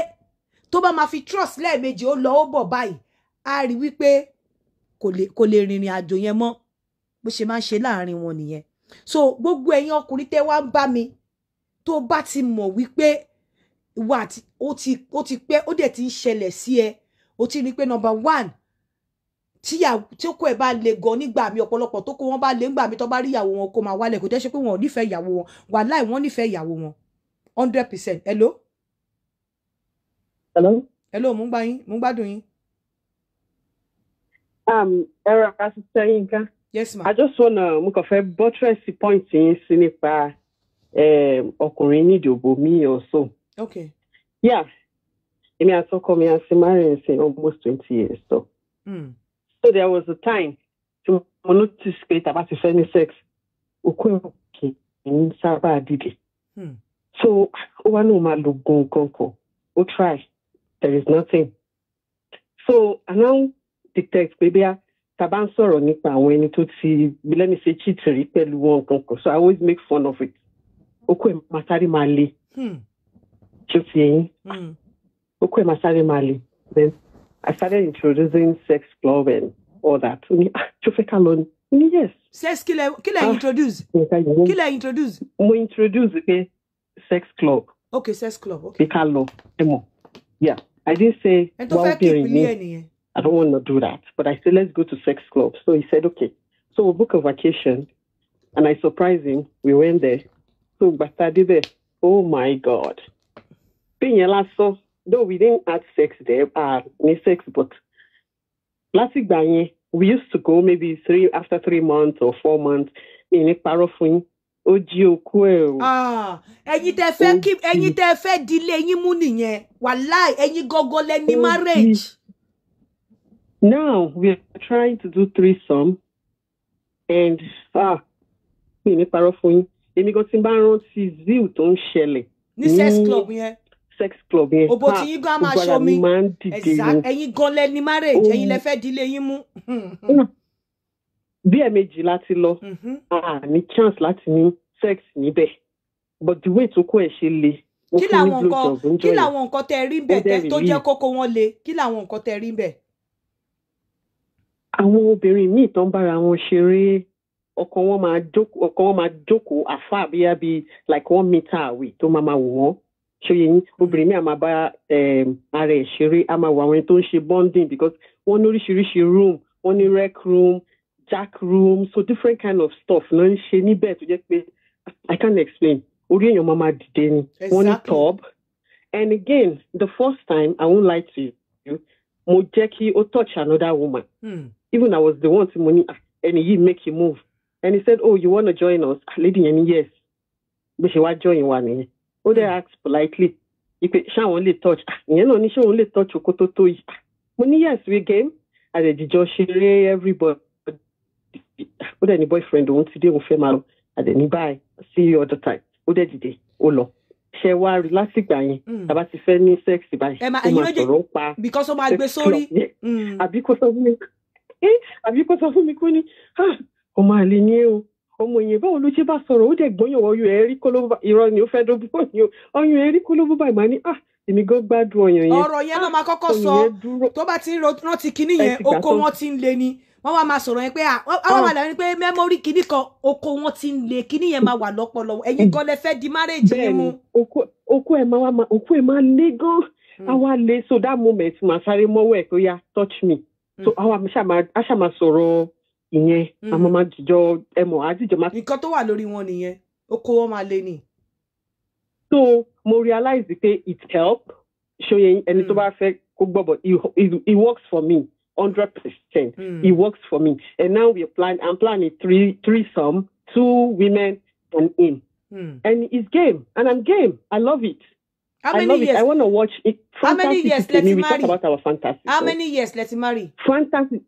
tó bá máa fi trust lẹ́ẹ̀mejì ó lọ ó bọ̀ báyìí a rí wípé kò lè rìnrìn àjò yẹn mọ́ bó ṣe máa ń ṣe láàrin wọn nìyẹn so gbogbo ẹ̀yin ọkùnrin tẹ́ wá ń bá mi tó bá ti mọ̀ wípé ìwà ó ti pẹ́ ó dẹ̀ ti ń ṣẹlẹ̀ sí ẹ ó ti rí pé number one tí ó kó ẹ bá le gan nígbà mi ọ̀pọ̀lọpọ̀ tó kó wọn bá le ńgbà mi tó bá rí ìyàwó wọn kó máa wálẹ̀ kò jẹ́ pé wọn ò nífẹ̀ẹ́ ìyàwó wọn wàláì wọ́n nífẹ̀ẹ́ ìyàwó wọn hundred percent hello. hello. hello mo ń gbà yín mo ń gbádùn yín. Um, ẹ̀rọ asísẹ́ yín ká. yes ma. I just wanna mo kàn fẹ́ buttress point yín sí nípa um, ọkùnrin nídìbò mi also. okay. yeah èmi àtọkọ mi a ti marry in sin almost twenty years. So. Mm So there was a time to mo about the same sex òkú ẹ̀rọ kì í sábà dìde. Hmm. So ó wá náà máa lo gangan kan try there is nothing. So àná detect pé bí a tàbá ń sọ̀rọ̀ nípa àwọn ẹni tó ti let me say cheat rí pẹ̀lú wọn gangan so I always make fun of it. òkú ẹ̀ máa sáré máa le. Hmm. ṣé o ti yẹn? Hmm. òkú ẹ̀ máa sáré máa I started introducing sex club and all that. Ó ní Chofeka lónìí. yes. Sex kí lẹ kí introduce? Kí lẹ introduce? We introduce the sex club. Okay, sex club. Okay. Pé ká lọ ẹ Yeah, I didn't say one thing in I don't want to do that. But I said, let's go to sex club. So he said, okay. So we book a vacation and I surprised him. We went there. So Bata did there. Oh my God. Being a though we didn't have sex there uh, ah, ní sex but látìgbà yẹn we used to go maybe three after three months or four months mi ní parọ́ fún yín ó jí okú ẹ o. Ah, ẹ̀yin tẹ́ fẹ́ kí ẹ̀yin tẹ́ fẹ́ di ilé yín mú nìyẹn wàláì ẹ̀yin gọgọ lẹ marriage. now we are trying to do threesome and ah mi ní parọ́ fún yín èmi gan ti bá rántí zeal tó ń ṣẹlẹ̀. ní sex hmm. club yẹn sex club yẹn òbò tí yín gan máa ṣomi ẹ̀yin gan lẹni marriage ẹ̀yin lẹ fẹ́ dílé yín mú. Ah, bí ẹ̀ẹ̀mejì láti lọ mm-hmm. a ní chance láti ní sex níbẹ̀ but the way tó kó ẹ̀ ṣe le kí làwọn nǹkan kí làwọn nǹkan tẹ rí bẹ́ẹ̀ tó jẹ́ kókó wọn le kí làwọn nǹkan tẹ rí bẹ́ẹ̀. àwọn obìnrin míì tán bára wọn ṣeré ọkọ wọn máa jókòó ọkọ wọn like one meter away tó máa máa wò wọn ṣòyìn obìnrin mi a máa bá eh, ara ẹ̀ ṣeré a máa wà àwọn tó ń ṣe bonding because wọ́n ní oríṣiríṣi room wọ́n ní rec room jack room so different kind of stuff ló ń ṣe níbẹ̀ tó jẹ́ pé I can't explain orí èèyàn máa máa dìde ni wọ́n ní top and again the first time I won't lie to you mo jẹ́ kí ó touch another woman hmm. even I was the one tí mo ní ah, ẹni yìí make you move and he said oh you wanna join us ah, lady yẹn ni yes bó ṣe wá join wa nìyẹn ó dẹ̀ hmm. ask politely ìpè ṣáwọn lè touch ah, ìyẹn náà ní ṣáwọn lè touch okó tó tó yìí ah, mo ní yes we game àdẹ̀jìjọ ṣeré everybody ó dẹ̀ ní boyfriend òun ti dé òun fẹ́ máa lọ àdẹ̀ ní báyìí see you other time ó dẹ̀ dìde ó lọ ṣe wá rí lásìgbà yẹn hmm. tàbá ti fẹ́ ní sex báyìí ó máa sọ̀rọ̀ ń pa sex club yẹn hmm. àbí kò sọ fún mi eh, àbí kò sọ fún mi kó ní ó máa lè ní o èèyàn báwo ló ṣe bá sọ̀rọ̀ ó dẹ̀ gbóyàn ọyàn ẹ̀ rí kólóbó báyìí ni ó fẹ́ dógbó ọyàn ọyàn ẹ̀ rí kólóbó báyìí máa ah èmi gan gbádùn ọyàn yẹn. ọ̀rọ̀ yẹn máa kọ́kọ́ sọ tó bá ti ń rántí kinní yẹn oko wọn ti ń le ni wọ́n wá máa sọ̀rọ̀ yẹn pé àwọn àlàyé ni pé mẹ́mórì kinní kan oko wọn ti ń le kinní yẹn máa wà lọ́pọlọ ẹ̀yin gan lẹ fẹ́ di márèjì yẹn mu. oko ẹ̀ máa oko ẹ̀ máa le gan àwa hmm. le so that moment màá sáré mọ́wọ́ ẹ̀ pé yá touch me so awa hmm. àṣà máa sọ̀rọ̀ ìyẹn àmọ́ máa jìjọ mm-hmm. ẹ mọ̀ àjíjọ máa. nǹkan tó wà lórí wọn nìyẹn ó kó wọn máa lé ni. so mo realize pé it help ṣòye ẹni tó mm. bá fẹ́ kó gbọ́bọ̀ it works for me hundred percent mm. it works for me and now we plan I'm planning three three some, two women and him mm. and it's game and I'm game I love it. How many I love years? It. I want to watch it. Fantastic How many years? Let's marry. Talk about our fantasy. How many years? Let's marry. Fantastic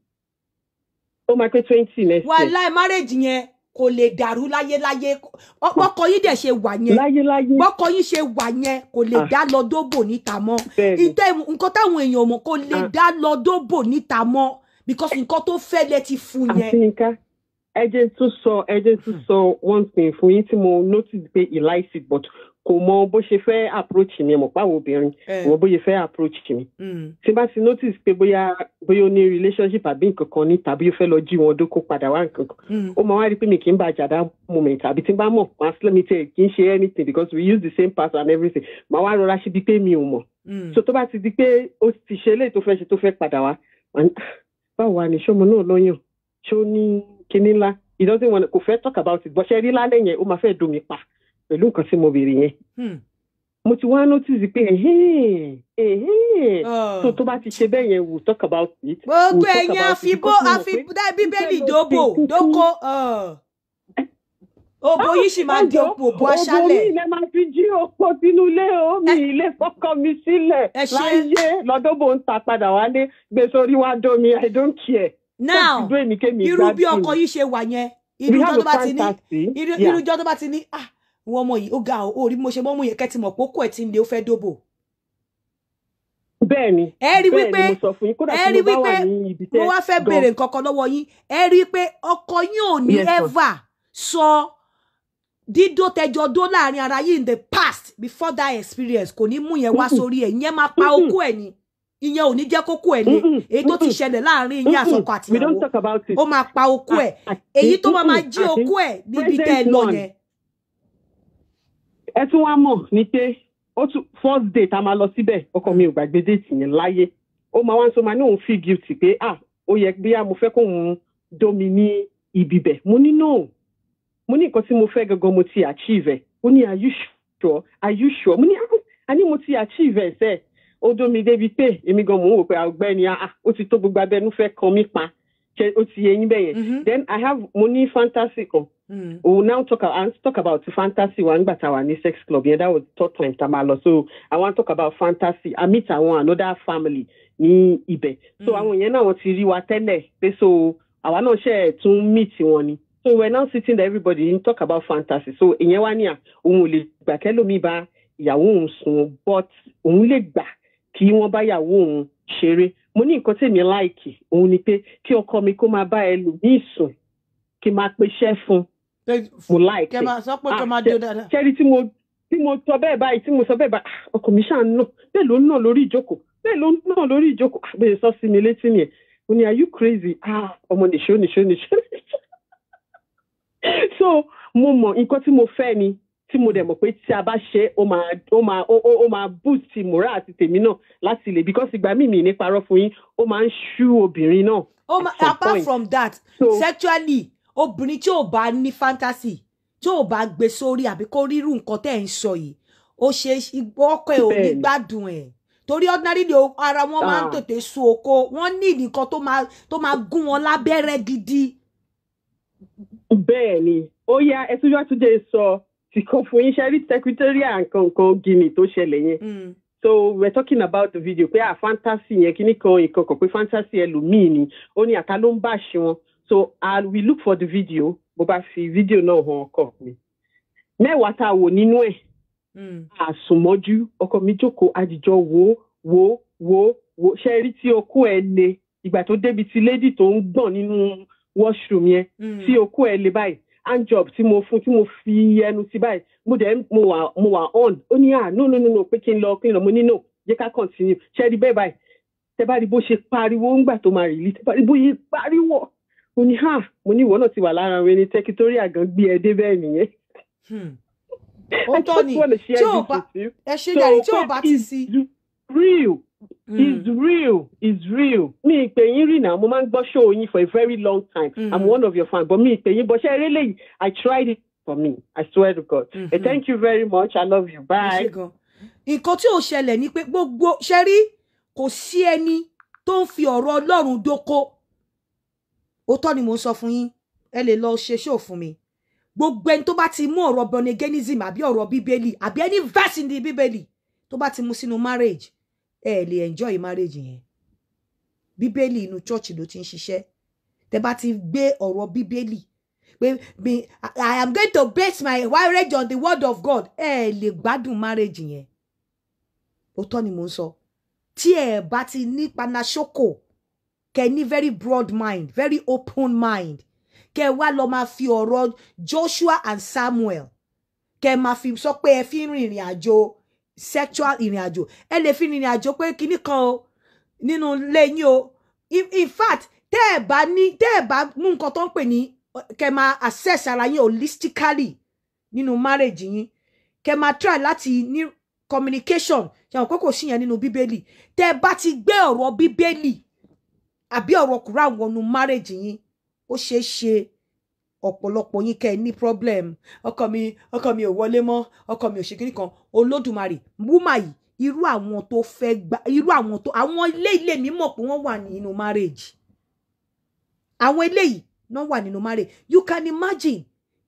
ó máa pé twenty next year. wàhálà márèjì yẹn kò lè dàrú láyéláyé bọ́kọ yín dẹ̀ ṣe wà yẹn bọ́kọ yín ṣe wà yẹn kò lè ah. dá lọ dóbò níta mọ́ ìtẹ́ nǹkan táwọn èèyàn mọ̀ kò lè ah. dá lọ dóbò níta mọ́ because nǹkan tó fẹ́ lẹ ti fún yẹn. àfihànká ẹ jẹ́ tún sọ ẹ jẹ́ tún sọ one thing fún yín tí mo notice pé e like it but kò mọ bó ṣe fẹ́ approach mi mọ̀ páwọn obìnrin eh. mọ bó ṣe fẹ́ approach mi. Hmm. tí bá ti notice pé bóyá bóyá ó ní relationship àbí nǹkan kan ní tàbí ó fẹ́ lọ jí wọn dókó padà wá nǹkan kan hmm. ó máa wá rí pé mi kì í bá àjàdá moment àbí tí bá mọ̀ máa sílẹ̀ mi tẹ̀ kì í ṣe anything because we use the same pattern and everything máa wá rọra ṣe bí pé mi ò mọ̀. Hmm. so tó bá ti di pé ó ti ṣe eléyìí tó fẹ́ ṣe tó fẹ́ padà wá ah, báwo wà ní ṣọmọ náà lọ́yàn ṣó ní kinní ńlá ìdọ́sìn wọn kò fẹ́ talk about it bọ́ṣẹ́ rí lálẹ́ yẹn ó máa fẹ́ domi pa pẹ̀lú nǹkan tí mo béèrè yẹn hmm. mo ti wá notice pé tó oh. tó bá ti ṣe bẹ́ẹ̀ yẹn we talk about it. gbogbo ẹ̀yin àfibó àfibúdá bíbélì dóbò dóko oh. òbò yìí sì máa di òbò bó aṣálẹ̀. òbò mi lè máa fi jí òpó sínú ilé o mi ilé fọkọ mi sílẹ̀ láyé lọ́dọ́bò ń ta padà wálé gbèsè e orí wa dó mi i don't care. now irú bí ọkọ yìí ṣe wà yẹn irú jọ́ tó bá ti ní irú jọ́ tó bá ti ní ah ìwọ ọmọ yìí ó ga ọ orí mo ṣe mọ́ mú yẹn kẹ́tì mọ̀ pókó ẹ̀ tí ń lé ó fẹ́ dóbò. bẹ́ẹ̀ni bẹ́ẹ̀ni mo sọ fún yín kódà tí mo bá wà ní ibi tẹ́ gan. mo wá fẹ́ béèrè nǹkan kan lọ́wọ́ yín ẹ rí i pé ọkọ yín ò ní ever sọ dídó tẹjọ dó láàrin ara yín in the past before that experience kò ní mú yẹn wá sórí ẹ̀ yẹn máa pa okó ẹ̀ ni ìyẹn ò ní jẹ́ kókó ẹ̀ lé èyí tó ti ṣẹlẹ̀ láàrin ìyẹn àsọkọ àtìyàwó ó máa pa okó ẹ̀ èyí tó máa máa jí okó ẹ̀ níbi tẹ́ ẹ lọ yẹn ẹ tún wá mọ̀ ní pé ó tún first day tá a máa lọ síbẹ̀ ọkọ mi ò gbàgbé déètì yẹn láyé ó máa wá ń sọ máa ní òun feel guilty pé ah ó yẹ bí mo fẹ́ kóun dómi ní ibibẹ̀ mo ní no mo ní nǹkan tí mo fẹ́ gangan mo ti achieve ẹ̀ ó ní are you sure are you sure mo ní àní ah, mo ti achieve ẹ̀ sẹ́ẹ̀ ó dómi débi pé èmi gan mò ń wò pé ọ̀gbẹ́ni ah, ah ó ti tó gbogbo abẹnú fẹ́ kan mí pa o ti mm-hmm. then i have mo ní fantasy kan mm. we will now talk about talk about fantasy wa nígbà tá a wà sex club yẹn that was the third time tá a lọ so i wan talk about fantasy i meet àwọn another family ní ibẹ̀ so mm. àwọn yẹn náà wọ́n ti rí wa tẹ́lẹ̀ pé so àwa náà ṣe tún meet wọn ni so we were now sitting there everybody in talk about fantasy so ìyẹn wá ní à òun ò lè gbà kẹ́lómi bá ìyàwó òun sùn but òun lè gbà kí wọ́n bá ìyàwó òun ṣeré mo ní nǹkan tèmi láìkì òun ni pé kí ọkọ mi kó máa bá ẹlòmíì sùn kí n máa peṣẹ́ fún mo láìkì ah, ṣẹ́rí tí mo tí mo sọ bẹ́ẹ̀ báyìí tí mo sọ bẹ́ẹ̀ báyìí ah, ọkọ mi ṣáà ń nà bẹ́ẹ̀ ló ń nà lórí ìjókòó bẹ́ẹ̀ ló ń nà lórí ìjókòó àbẹ̀yẹ ah, sọ sí mi létí mi mo ní are you crazy ah ọmọ nìṣó nìṣó nìṣó so mo mọ̀ nǹkan tí mo fẹ́ ni tí mo dẹ̀ mọ̀ pé tí a bá ṣe ó máa ó máa ó máa boost ìmúra àti tèmi náà láti lè because ìgbà mímì ní parọ́ fún yín ó máa ń ṣú obìnrin náà. ó máa apart from that so, sexually obìnrin tí ò bá ní fantasy tí ò bá gbé sórí àbí kó rírú nǹkan tẹ́ ẹ̀ ń sọ yìí ó ṣe ọkọ ẹ̀ ò ní gbádùn ẹ̀ torí ordinary de ara wọn máa ń ah. tètè sú oko wọn ní nǹkan tó máa tó máa gún wọn lábẹ́rẹ́ gidi. bẹ́ẹ̀ ni ó yá ẹ tún yọ sọ. So tí kò fún yín ṣe rí secretariat nǹkan nǹkan guinea tó ṣẹlẹ̀ yẹn. so we're talking about the video pé à fantasy yẹn kí ni kan nǹkan kan pé fantasy ẹlòmíì ni ó ní àta ń bá ṣe wọn so uh, we look for the video bó bá fi fídíò náà hàn ọkọ mi mẹ́wàá tá a wò nínú ẹ̀ àsùnmọ́jú ọkọ mi jókòó àdìjọ wo wo wo wo ṣe rí tí okó ẹ e le ìgbà tó débi ti lady tó ń gbọ̀n nínú washroom yẹn tí okó ẹ le báyìí hand job tí mo fún tí mo fi ẹnu sí báyìí mo dẹ̀ mo wà mo wà on ó ní à no no no no pé kí n lọ kí n lọ mo ní no jẹ́ ká continue ṣe rí bẹ́ẹ̀ báyìí tẹ bá rí bó ṣe pariwo ńgbà tó máa rìlí tẹ bá rí bó ṣe pariwo mo ní hà mo ní ìwọ náà ti wà lára rẹ ní tẹkitórí àgàn gbé ẹ dé bẹ́ẹ̀ nìyẹn. Hmm. ó tọ́ ni tí ò bá ẹ ṣe dàrí tí ò bá ti sí. real Mm. is real is real mi ìpè yín rìn náà mo máa ń gbọ́ ṣó yín for a very long time mm. i'm one of your fans but mi ìpè yín bọ́ eré lẹ́yìn i tried it for me i swear to god mm -hmm. thank you very much i love you bye. nǹkan tí ò ṣẹlẹ̀ ni pé gbogbo ṣe rí kò sí ẹni tó ń fi ọ̀rọ̀ ọlọ́run dóko òótọ́ ni mò ń sọ fún yín ẹ lè lọ ṣe ṣó fún mi gbogbo ẹni tó bá ti mú ọ̀rọ̀ bọ̀nẹ́gẹ́nìsìm àbí ọ̀rọ̀ bíbélì àbí any verse in the bíbélì tó bá ti mú sínú marriage ẹ lè enjoy marriage yẹn bíbélì inú church ló ti ń ṣiṣẹ́ tẹ bá ti gbé ọ̀rọ̀ bíbélì pé i am going to base my marriage on the word of God ẹ lè gbádùn marriage yẹn òótọ́ ni mò ń sọ tí ẹ bá ti ní panasoko kẹ ní very broad mind very open mind kẹ wá lọ máa fi ọ̀rọ̀ Joshua and Samuel kẹ máa fi sọ pé ẹ fi rìnrìn àjò sexual ìrìn àjò ẹ lè fi ìrìn àjò pé kinní kan o nínú lẹ́yìn o in fact tẹ́ ẹ̀ bá ní tẹ́ ẹ̀ bá mú nǹkan tó ń pè ní kẹ́ máa assess ara yín holistically nínú marriage yín kẹ́ máa try láti ní communication ṣàwọn pé kò sí yẹn nínú bíbélì tẹ́ ẹ bá ti gbé ọ̀rọ̀ bíbélì àbí ọ̀rọ̀ kúrà wọnú marriage yín ó ṣeé ṣe ọ̀pọ̀lọpọ̀ yín kẹ́ ẹ ní problem ọkọ mi ọkọ mi ò wọlé mọ́ ọkọ mi ò ṣe kíní kan olódùmarè wúmà yìí irú àwọn tó fẹ́ gba irú àwọn tó àwọn ilé ilé mi mọ̀ pé wọ́n wà nínú marriage àwọn eléyìí náà wà nínú marriage you can imagine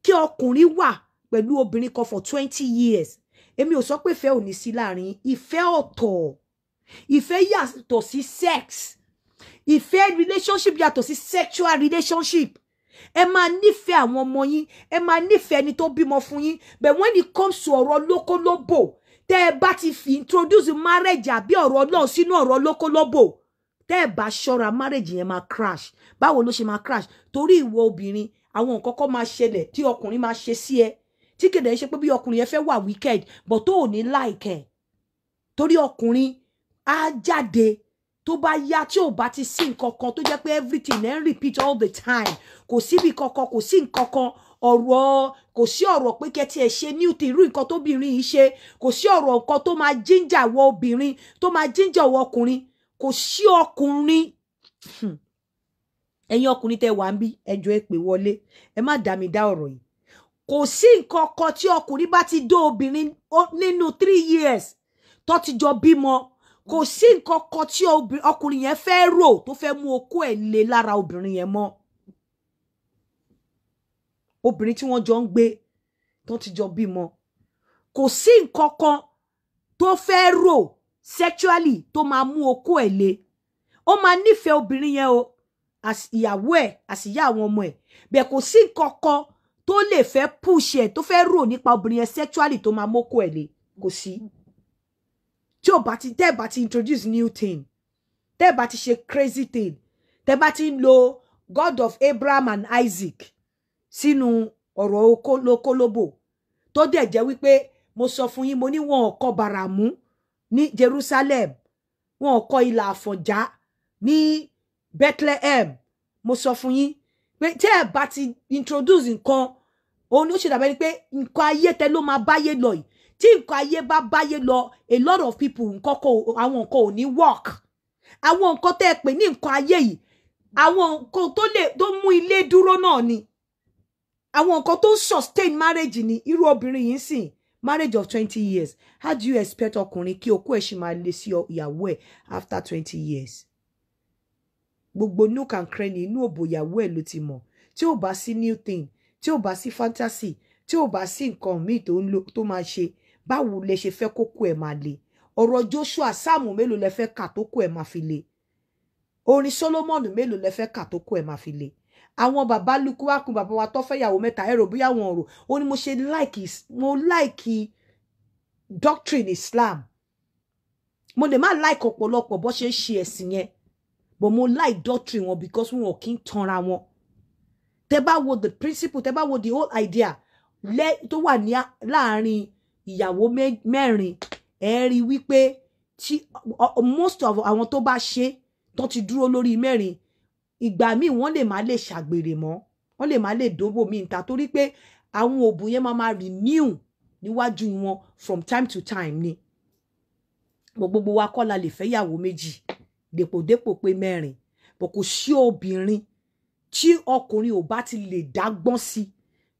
kí ọkùnrin wà pẹ̀lú obìnrin kan for twenty years èmi ò sọ pé ìfẹ́ ò ní sí láàrin ìfẹ́ ọ̀tọ̀ ìfẹ́ yàtọ̀ sí sex ìfẹ́ relationship yàtọ̀ sí sexual relationship ẹ máa nífẹ̀ẹ́ àwọn ọmọ yín ẹ máa nífẹ̀ẹ́ ẹni tó bímọ fún yín but when it comes to ọ̀rọ̀ lókólóbò tẹ́ ẹ bá ti fi introduce marriage àbí ọ̀rọ̀ náà sínú ọ̀rọ̀ lókólóbò tẹ́ ẹ bá ṣọ́ra marriage yẹn máa crash báwo ló ṣe máa crash torí ìwọ obìnrin àwọn nǹkan kan máa ṣẹlẹ̀ tí ọkùnrin máa ṣe sí ẹ tí kèdè ṣe pé bí ọkùnrin yẹn fẹ́ wà wicked but tó ò ní like ẹ torí ọkùnrin á jáde tó bá yá tí ò bá ti sí nǹkan kan tó jẹ́ pé everything ẹ̀ repeat all the time kò síbi kankan kò sí nǹkan kan ọ̀rọ̀ kò sí ọ̀rọ̀ pé kẹtí ẹ̀ ṣe ní ti irú nǹkan tóbìnrin yìí ṣe kò sí ọ̀rọ̀ nǹkan tó máa jíjà wọ obìnrin tó máa jíjà wọ ọkùnrin kò sí ọkùnrin hmm. ẹ̀yin ọkùnrin tẹ́ wà ń bí ẹjọ́ ẹ pè wọlé ẹ má dá mi dá ọ̀rọ̀ yìí kò sí nǹkan kan tí ọkùnrin bá ti dó obìnrin nínú three years tó ti jọ bímọ kò sí nǹkan kan tí ọkùnrin yẹn fẹ́ rò tó fẹ́ mú okó ẹ̀ lé lára obìnrin yẹn mọ́ obìnrin tí wọ́n jọ ń gbé tó ti jọ bímọ kò sí nǹkan kan tó fẹ́ rò sexually tó máa mú okó ẹ̀ lé ó máa nífẹ̀ẹ́ obìnrin yẹn o ìyàwó ẹ̀ àsìyá àwọn ọmọ ẹ̀ bẹ́ẹ̀ kò sí nǹkan kan tó lè fẹ́ push ẹ̀ tó fẹ́ rò nípa obìnrin yẹn sexually tó máa mókó ẹ̀ lé kò sí. Mm -hmm tí ò bá ti tẹ́ bá ti introduce new thing tẹ́ ẹ̀ bá ti ṣe crazy thing tẹ́ ẹ̀ bá ti ń lo God of Abraham and Isaac sínú ọ̀rọ̀ okólóbò tó dẹ̀ jẹ́ wípé mo sọ fún yín mo ní wọn ò kọ ní Jerusalem wọn ò kọ ilà àfọ̀njá ní Bethlehem mo sọ fún yín pé tẹ́ bá ti introduce nǹkan òun ló ṣe dàbẹ́ ni pé nǹkan ayé tẹ ló máa báyé lọ yìí tí nǹkan ayé bá báyé lọ a lot of people nǹkan kò àwọn nǹkan ò ní work àwọn nǹkan tẹ́ ẹ pè ní nǹkan ayé yìí àwọn nǹkan tó lè tó mú ilé dúró náà ni àwọn nǹkan tó ń sustain marriage ni irú obìnrin yìí ń sìn marriage of twenty years how do you expect ọkùnrin kí okó ẹ̀ ṣì máa lé sí ìyàwó ẹ̀ after twenty years gbogbo nook and cranny inú òbò ìyàwó ẹ̀ ló ti mọ̀ tí ò bá sí new thing tí ò bá sí fantasy tí ò bá sí nǹkan míì tó máa ṣe báwo lẹ ṣe fẹ́ kókó ẹ̀ máa le ọ̀rọ̀ Joshua sáàmù mélòó lẹ fẹ́ kà tó kó ẹ̀ máa fi le orin Solomoni mélòó lẹ fẹ́ kà tó kó ẹ̀ máa fi le àwọn bàbá lukuwaku bàbá wa tó mẹ́ta ẹ̀rọ bóyá wọn rò ó ní mo ṣe láìkì mo láìkì doctrine Islam mo lè má láìkì ọ̀pọ̀lọpọ̀ bó ṣe ń ṣe ẹ̀sìn yẹn but mo like doctrine wọn because wọn ò kí ń tanra wọn tẹ bá wo the principle tẹ bá wo the whole idea lẹ tó wà ní láàrin ìyàwó mẹ́rin ẹ rí wípé tí most of àwọn tó bá ṣe tán ti dúró lórí mẹ́rin ìgbà míì wọ́n lè má lè ṣàgbèrè mọ́ wọ́n lè má lè dóbò míì níta torí pé àwọn òògùn yẹn máa máa renew níwájú wọn from time to time ni gbogbo wa kọ́ la lè fẹ́ yàwó méjì dèpòdépò pé mẹ́rin bọ̀ kò sí obìnrin tí ọkùnrin ò bá ti lè dágbọ́n sí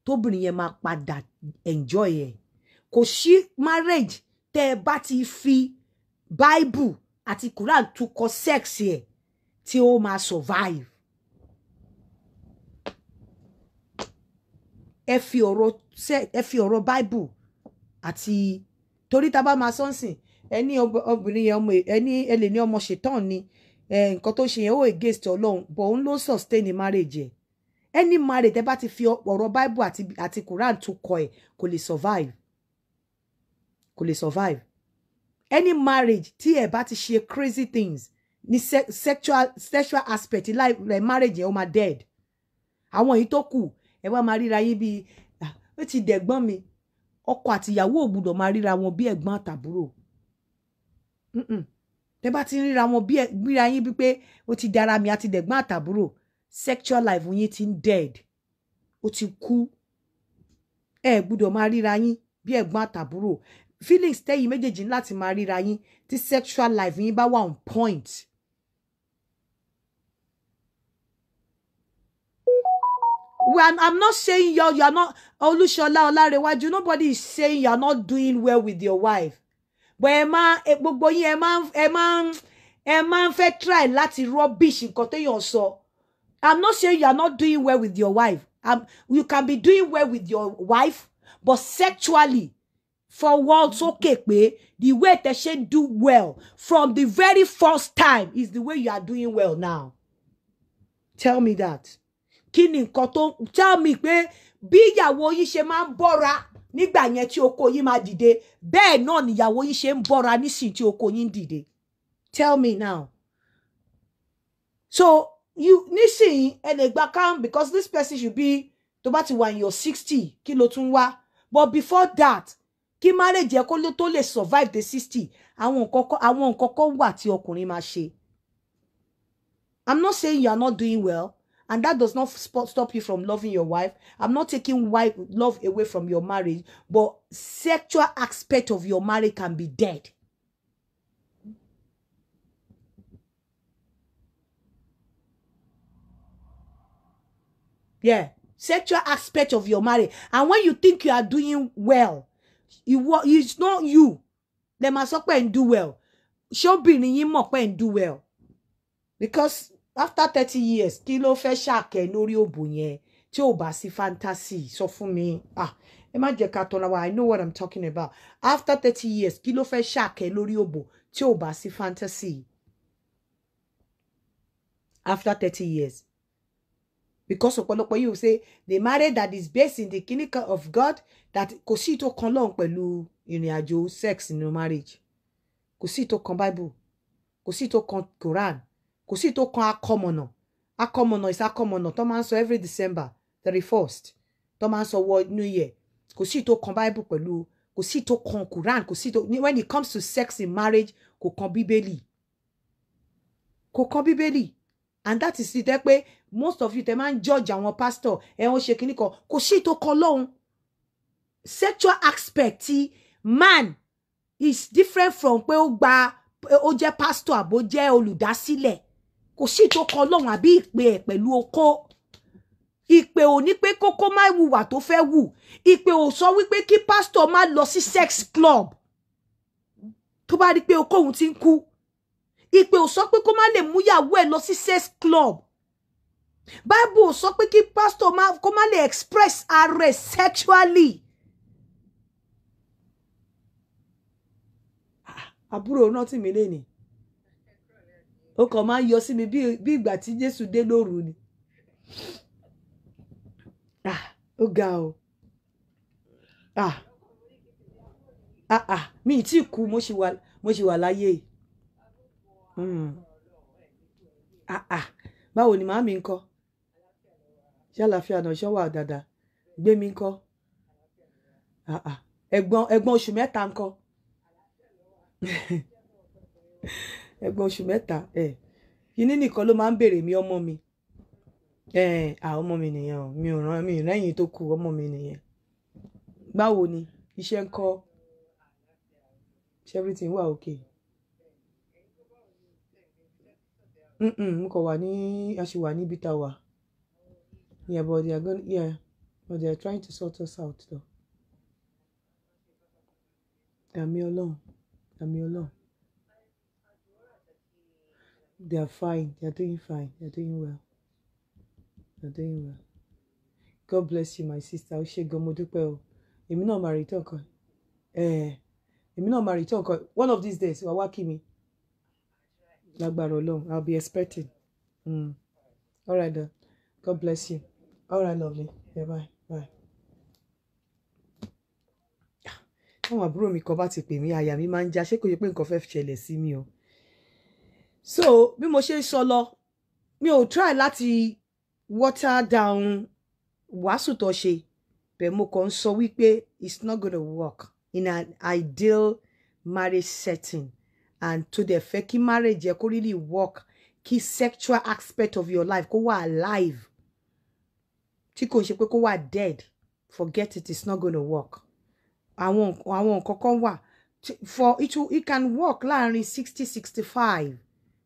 tóbìnrin yẹn máa padà enjoy ẹ̀ kò sí marriage tẹ́ ẹ bá ti fi bible àti quran tukọ̀ sex ẹ̀ tí ó máa survive. ẹ fi ọ̀rọ̀ ẹ fi ọ̀rọ̀ bible àti torí tá a bá máa sọ́nsìn ẹ ní obìnrin yẹn ọmọ ẹ ní ẹ lè ní ọmọ ṣetán ni nǹkan tó ṣe yẹn ó against ọlọ́run but òun ló sustain marriage ẹ̀ any marriage tẹ́ bá ti fi ọ̀rọ̀ bible àti àti quran tó kọ ẹ̀ kò lè survive kò lè survive any marriage tí ẹ bá ti ṣe crazy things ní sexual sexual aspect life like marriage yẹn ó máa dead àwọn èyí tó kù ẹ wá máa ríra yín bíi ah, ó ti dẹ̀gbọ́n mi ọkọ àtìyàwó ò gbúdọ̀ máa ríra wọn bí ẹ̀gbọ́n àtàbúrò tẹ bá ti ríra wọn bí ríra yín bíi pé ó ti dára mi àti dẹ̀gbọ́n àtàbúrò sexual life yín ti ń dead ó ti kú ẹ gbúdọ̀ máa ríra yín bí ẹ̀gbọ́n àtàbúrò feelings tẹ́yìn méjèèjì ní láti máa ríra yín tí sexual life yín bá wà on point. Well, I'm not saying you're, you're not Olúṣọlá Ọlárewájú nobody is saying you're not doing well with your wife. But ẹ máa gbogbo yín ẹ máa ẹ máa ẹ máa ń fẹ́ try láti rubbish nǹkan téèyàn sọ. I'm not saying you're not doing well with your wife. I'm, you can be doing well with your wife but sexually For so sókè pé the way tẹ ṣe do well from the very first time is the way you are doing well now tell me that Kini ni nǹkan tell me pé bí ìyàwó yín ṣe máa ń bọ́ra nígbà yẹn tí ọkọ yín máa dìde bẹ́ẹ̀ náà nìyàwó yín ṣe ń bọ́ra nísìnyí tí ọkọ yín tell me now so you nísìnyí ẹ lè gba because this person should be to bá ti wà in your sixty kí ló tún but before that kí marriage ẹ kó ló tó lè survive the sixty àwọn nǹkan kan àwọn nǹkan kan wà tí ọkùnrin máa ṣe i'm not saying you are not doing well and that does not stop you from loving your wife i'm not taking wife love away from your marriage but sexual aspect of your marriage can be dead. yeah sexual aspect of your marriage and when you think you are doing well ìwọ it's not you They must sọ and do well ṣóbìnrin yín mọ̀ pé ẹ̀ ń do well because after thirty years kilo fe fẹ́ ṣàkẹ́ lórí bunye yẹn tí fantasy sọ fún mi ah ẹ má i know what i'm talking about after thirty years kilo fe fẹ́ ṣàkẹ́ lórí bu tí ò fantasy after thirty years because ọ̀pọ̀lọpọ̀ yìí ò ṣe the marriage that is based in the clinic of God that kò sí ìtò kan lọ́hùn pẹ̀lú ìrìn àjò sex nínú marriage kò sí ìtò kan Bible kò sí ìtò kan Quran kò sí ìtò kan akọmọ̀nà akọmọ̀nà is akọmọ̀nà tó máa ń sọ every December thirty first tó máa ń sọ wọ New Year kò sí ìtò kan Bible pẹ̀lú kò sí ìtò kan Quran kò sí ìtò when it comes to sex in marriage kò kan Bíbélì kò kan Bíbélì and that is it ẹ most of you tẹ máa ń judge àwọn pastor ẹ wọn ṣe kínní kan kò sí ètò kan lọ́hùn sexual aspect man is different from pé ó gba ó jẹ́ pastor àbó jẹ́ olùdásílẹ̀ kò sí ètò kan lọ́hùn àbí ìpè ẹ̀ pẹ̀lú okó ìpè ò ní pé kókó má wùwà tó fẹ́ wù ìpè ò sọ wípé kí pásítọ̀ má lọ sí sex club tó bá rí pé okóhun ti ń kú ìpè ò sọ pé kó má lè múyàwó ẹ̀ lọ sí sex club bible ò sọ pé kí pastor má kó má lè express ara sexually. àbúrò náà tì mí lẹ́nìí ó kàn máa ń yọ sí mi bi ìgbà tí jésù dé lóru ni ah, ó ga o ah. Ah, mi ì tí kú mo ṣì wà láyé yìí Hmm. Ah, ah. báwo ni màámi nkọ kọ́ ṣé àlàáfíà náà ṣọ́ wà dáadáa gbémi mi nkọ? ẹgbọn oṣù mẹ́ta nkọ? kọ́ ah, ẹ̀gbọ́n oṣù mẹ́ta ẹ̀ kíní nìkan ló máa ń béèrè mi ọmọ mi ẹ̀ à ọmọ mi nìyẹn o mi ò ràn mí lẹ́yìn tó kù ọmọ mi nìyẹn báwo ni iṣẹ́ nkọ kọ́ everything wà okay Mm-mm, mo kàn wà ní, a wà níbi tá a wà. Yeah, but they are going, yeah, but they are trying to sort us out though. Àmì Ọlọ́run, àmì Ọlọ́run. They are fine, they are doing fine, they are doing well. They are doing well. God bless you, my sister. Ó ṣe gan, mo dúpẹ́ o. Èmi náà máa rí tán kan. Eh, èmi náà máa rí tán kan. One of these days, wàá wá kí mi lágbára ọlọ́run i will be expecting mm. all right then god bless you all right lovely yeah, bye bye. táwọn àbúrò mi kan bá ti pè mí àyà mi máa ń já ṣé kò yẹ pé nǹkan fẹ́ ṣẹlẹ̀ sí mi o so bí mo ṣe ń sọ lọ mi ò try láti water down wàásù tó ṣe bẹ́ẹ̀ mo kàn ń sọ wípé it's not gonna work in an ideal marriage setting and to the fẹ́ kí marriage ẹ kó really work kí sexual aspect of your life kó wà alive tí kò ṣe pé kó wà dead forget it it's not going to work àwọn àwọn nǹkan kan wà for it, will, it can work láàrin sixty sixty five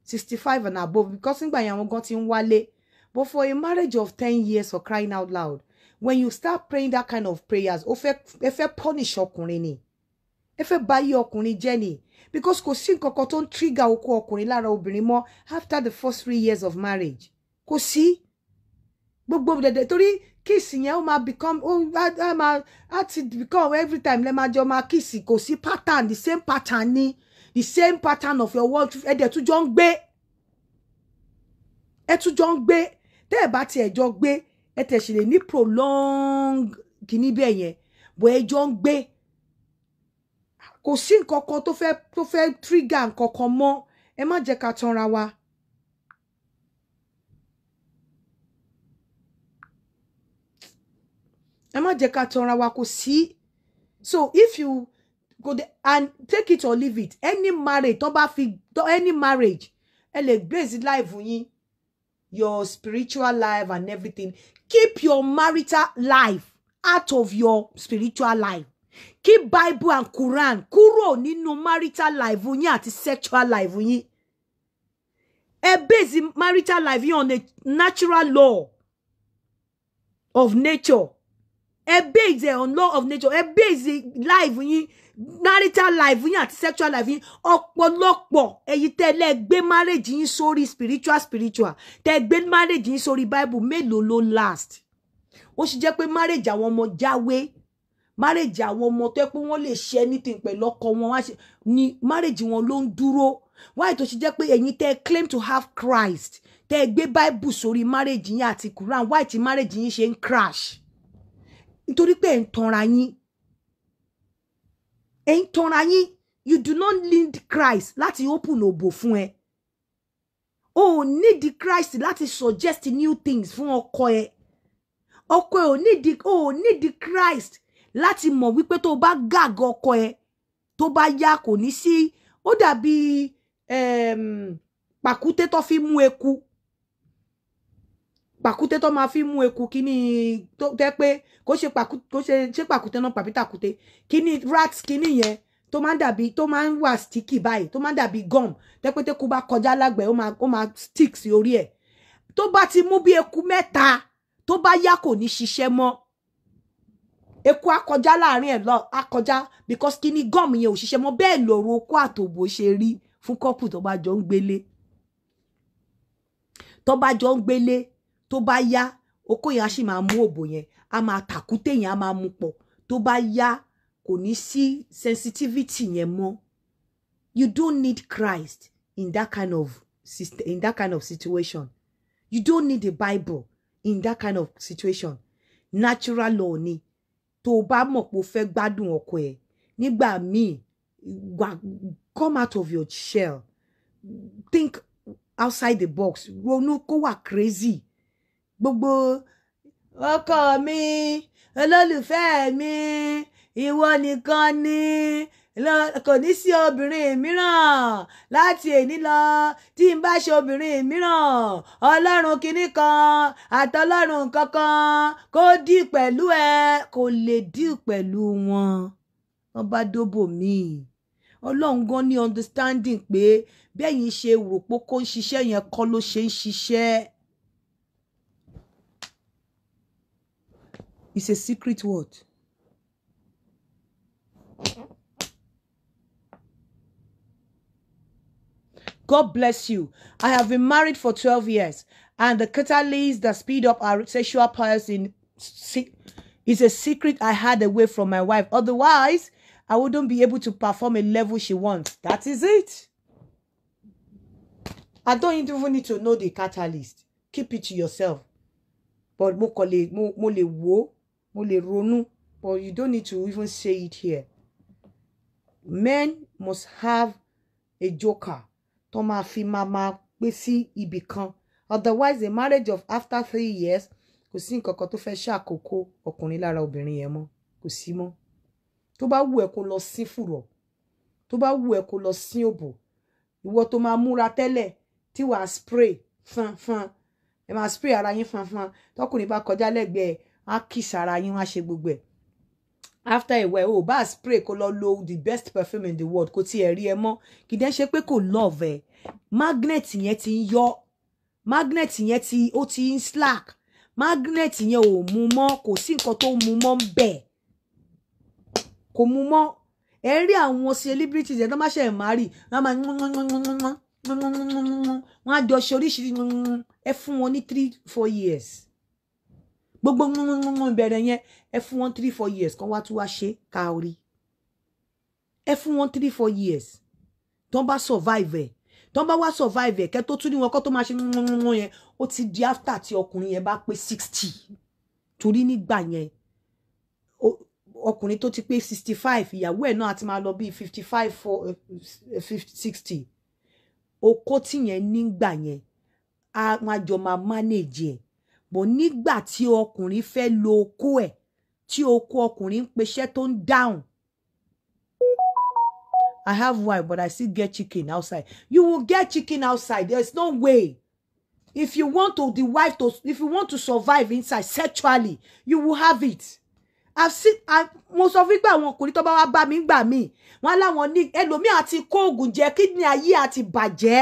sixty five and above because nígbà yẹn àwọn gan ti ń but for a marriage of ten years for crying out loud when you start praying that kind of prayers ó fẹ́ punish ọkùnrin ni ẹ fẹ́ bá yí ọkùnrin jẹ́ ni because kò sí nǹkan kan tó ń trigger okó ọkùnrin lára obìnrin mọ́ after the first three years of marriage kò sí gbogbo dẹ̀dẹ̀ torí kíìsì yẹn ó máa become ó á máa á ti become every time lẹ́ẹ̀ máa jọ máa kíìsì kò sí pattern the same pattern ni the same pattern of your world ẹ̀dẹ̀ tún jọ ń gbé ẹ̀ tún jọ ń gbé tẹ́ ẹ̀ bá tiẹ̀ jọ gbé ẹ̀ tẹ̀ sì lè ní prolong kìíní bẹ́ẹ̀ yẹn bọ̀ ẹ̀ jọ ń gbé kò sí nǹkan kan tó fẹ́ tó fẹ́ trigger nǹkan kan mọ́ ẹ má jẹ́ ká tanra wa. ẹ má jẹ́ ká tanra wa kò sí so if you go there and take it or leave it any marriage tó bá fi any marriage ẹ lè gbèsè life yín your spiritual life and everything keep your marital life out of your spiritual life kí bible and quran kúrò nínú marital life yín àti sexual life yín ẹ base marital life yín on a natural law of nature ẹ base on law of nature ẹ base life yín marital life yín àti sexual life yín ọ̀pọ̀lọpọ̀ èyí tẹ́ ẹ lẹ́gbé marriage yín sórí spiritual spiritual tẹ́ ẹ gbé marriage yín sórí bible mélòó ló last ó sì jẹ́ pé marriage àwọn ọmọ jáwé. Ja marriage àwọn ọmọ tó pé wọ́n lè ṣe anything pẹ̀lú ọkọ wọn wá ṣe ni marriage wọn ló ń dúró why tó ṣe jẹ́ pé ẹ̀yin tẹ́ claim to have Christ tẹ́ gbé bible sórí marriage yín àti Quran why tí marriage yín ṣe ń crash nítorí pé ẹ̀ ń tanra yín ẹ̀ ń tanra yín you do not need Christ láti open òbò fún ẹ o ò need Christ láti suggest new things fún ọkọ ẹ ọkọ ẹ ò need o ò need Christ láti mọ̀ wípé tó bá gàgọ́ ọkọ ẹ tó bá yá kò ní sí ó dàbí pàkúté tó fi mú eku pàkúté tó máa fi mú eku kíní tó tẹ́ pé kó ṣe pàkúté ṣe pàkúté náà pàpítàkúté kíní rat kíní yẹn tó máa ń dàbí tó máa ń wà sticky báyìí tó máa ń dàbí gum tẹ́pẹ́tẹ́ kó bá kọjá lágbẹ̀ẹ́ ó máa ó máa stick sí orí ẹ̀ tó bá ti mú bí eku mẹ́ta tó bá yá kò ní ṣiṣẹ́ mọ́ eku akọjá láàrin ẹ̀ lọ akọjá because kini gọ́ọ̀mù yẹn ò ṣiṣẹ́ mọ́ bẹ́ẹ̀ lọ́rọ̀ okó àtòbò ṣe rí fún kọ́pù tó bá jọ ń gbélé tó bá jọ ń gbélé tó bá yá okó yẹn á sì máa mú òbò yẹn á máa tàkúté yẹn á máa mú pọ̀ tó bá yá kò ní sí sensitivity yẹn mọ́ you don't need Christ in that kind of in that kind of situation you don't need the Bible in that kind of situation natural law ni tó o bá mọ̀ pé o fẹ́ gbádùn ọkọ ẹ̀ nígbà míì wà come out of your shell think outside the box ronú kó wà crazy gbogbo ọkọ mi olólùfẹ́ mi ìwọ nìkan ni kò ní sí obìnrin mìíràn láti èní lọ tí n bá ṣe obìnrin mìíràn ọlọ́run kinní kan àtọlọ́run kankan kó dì pẹ̀lú ẹ kò lè dì pẹ̀lú wọn wọn bá dóbò míì ọlọ́run gan ní understanding pé bẹ́yìn ṣe rò pé kó ń ṣiṣẹ́ yẹn kọ́ ló ṣe ń ṣiṣẹ́. It's a secret word. God bless you. I have been married for 12 years, and the catalyst that speed up our sexual powers in is a secret I had away from my wife. Otherwise, I wouldn't be able to perform a level she wants. That is it. I don't even need to know the catalyst. Keep it to yourself. But mo mo mo le wo mo le But you don't need to even say it here. Men must have a joker tó máa fi máa máa pé sí ibì kan otherwise a marriage of after three years kò sí nǹkan kan tó fẹ́ ṣàkókò ọkùnrin lára obìnrin yẹn mọ́ kò sí mọ́ tó bá wù ẹ́ kó lọ sí fùrọ̀ tó bá wù ẹ́ kó lọ sí òbò ìwọ tó máa múra tẹ́lẹ̀ tí wàá spray fanfan ẹ máa spray ara yín fanfan tọkùnrin bá kọjá lẹ́gbẹ̀ẹ́ á kìsà ara yín wá ṣe gbogbo ẹ̀ after ìwẹ̀ o bá spray kó lọ lo the best perfume in the world kò tiẹ̀ rí ẹ mọ́ kì í dẹ́ ṣe pé kò love ẹ magnet yẹn ti ń magnet yẹn ti ó ti slack magnet yẹn ò mú mọ́ kò sí nǹkan tó mú mọ́ ń bẹ̀ kò mú mọ́ ẹ rí celebrities yẹn tó ma ṣe má na ma. máa wọn á jọ ṣe oríṣiríṣi ẹ fún wọn ní three four years gbogbo ìbẹ̀rẹ̀ yẹn ẹ fún wọn three four years kan wá tún wá ṣe ká orí ẹ fún wọn three four years tán bá survive ẹ̀ tán bá wá survive ẹ̀ kẹ́ tó tún ní wọn kọ́ tó máa ṣe mọ́ yẹn ó ti di after tí ọkùnrin yẹn bá pé sixty torí nígbà yẹn ọkùnrin tó ti pé sixty five ìyàwó ẹ̀ náà àti máa lọ bíi eh, eh, fifty five for sixty okó tìyẹn nígbà yẹn a máa jọ máa manage ẹ̀ bọ̀ nígbà tí ọkùnrin fẹ́ lo okó ẹ̀ tí okó ọkùnrin ń peṣẹ́ tó ń dáhùn. I have wife but I still get chicken outside. You will get chicken outside. There is no way. If you want to the wife to if you want to survive inside sexually, you will have it. I've seen I mo sọ fún gbà àwọn ọkùnrin tó bá wá bá mi gbà mí. Wọ́n láwọn ní ẹlòmíì àti kó oògùn jẹ kídìní ayé àti bàjẹ́.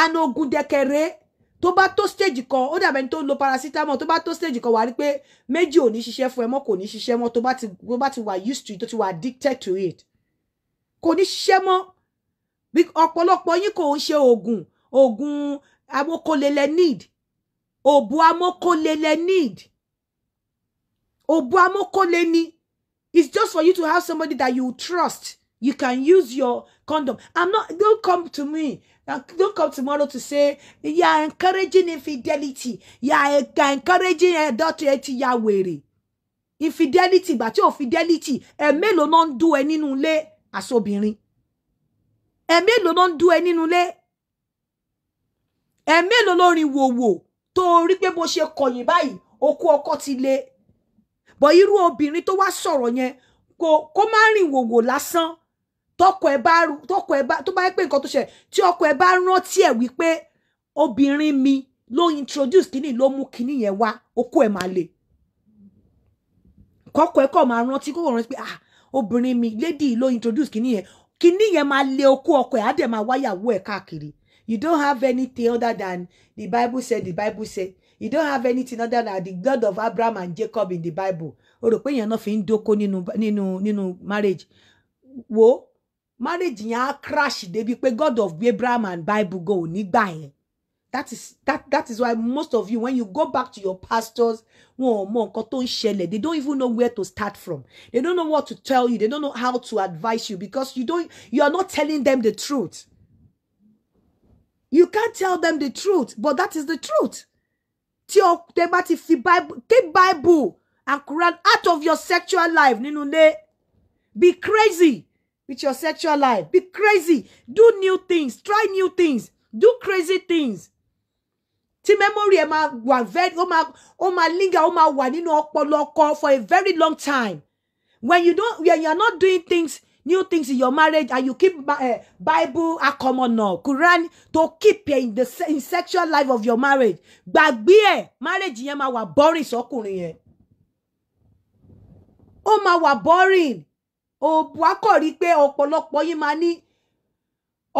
Àna oògùn dẹ̀kẹ̀rẹ̀ tó bá tó stage kan ó dàbẹ̀ ni tó lo paracetamol tó bá tó stage kan wà rí pé méjì ò ní ṣiṣẹ́ fún ẹ mọ́ kò ní ṣiṣẹ́ mọ́ tó bá ti tó bá ti wà used to it tó ti wà addicted to it kò ní ṣiṣẹ́ mọ́ ọ̀pọ̀lọpọ̀ yín kò ń ṣe oògùn oògùn amókólélẹ̀ need òbú amókólélẹ̀ need òbú amókólé ni it's just for you to have somebody that you trust you can use your condom. I'm not, don't come to me. Uh, don't come tomorrow to say, you are encouraging infidelity. You are encouraging adultery. You are weary. Infidelity, but your fidelity. A male ló ń dùn ẹ́ nínú ilé aṣobìnrin. Ẹ mélòó ló ń dùn ẹ́ nínú ilé. Ẹ mélòó ló rin wòwò tó rí pé bó ṣe kọ̀yìn báyìí okú ọkọ ti le. Bọ̀ irú obìnrin tó wá sọ̀rọ̀ yẹn kò kó má rìn wòwò lásán tọkọ ẹ bá tọkọ ẹ bá tó bá yẹ pé nǹkan tó ṣe tí ọkọ ẹ bá rántí ẹ wípé obìnrin mi ló introduce kínní ló mú kínní yẹn wá okó ẹ máa le kọkọ ẹ kọ máa rántí kókò rántí pé ah obìnrin mi lady ló introduce kínní yẹn kínní yẹn máa le okó ọkọ ẹ á dẹ̀ máa wáyàwó ẹ káàkiri you don't have anything other than the bible said the bible said you don't have anything other than the God of Abraham and Jacob in the bible o rò pé èèyàn náà fi ń dóko nínú nínú nínú marriage wo marriage yẹn á crash débi pé God of Abraham and Bible go ò yẹn that is that that is why most of you when you go back to your pastors wọn ò mọ nǹkan tó ń ṣẹlẹ̀ they don't even know where to start from they don't know what to tell you they don't know how to advise you because you don't you are not telling them the truth you can't tell them the truth but that is the truth tí o tẹ bá ti fi bible take bible and quran out of your sexual life nínú ilé be crazy with your sexual life. Be crazy. Do new things. Try new things. Do crazy things. Ti memory ẹ máa wà very ó máa ó máa linger ó máa wà nínú ọpọlọ for a very long time. When you don't when you are not doing things new things in your marriage and you keep uh, Bible akomono Quran to keep in the in sexual life of your marriage. Gbàgbé ẹ̀ marriage yẹn máa wà boring sọ́kùnrin yẹn. Ó máa wà boring òbú akọ̀rí pé ọ̀pọ̀lọpọ̀ yín máa ní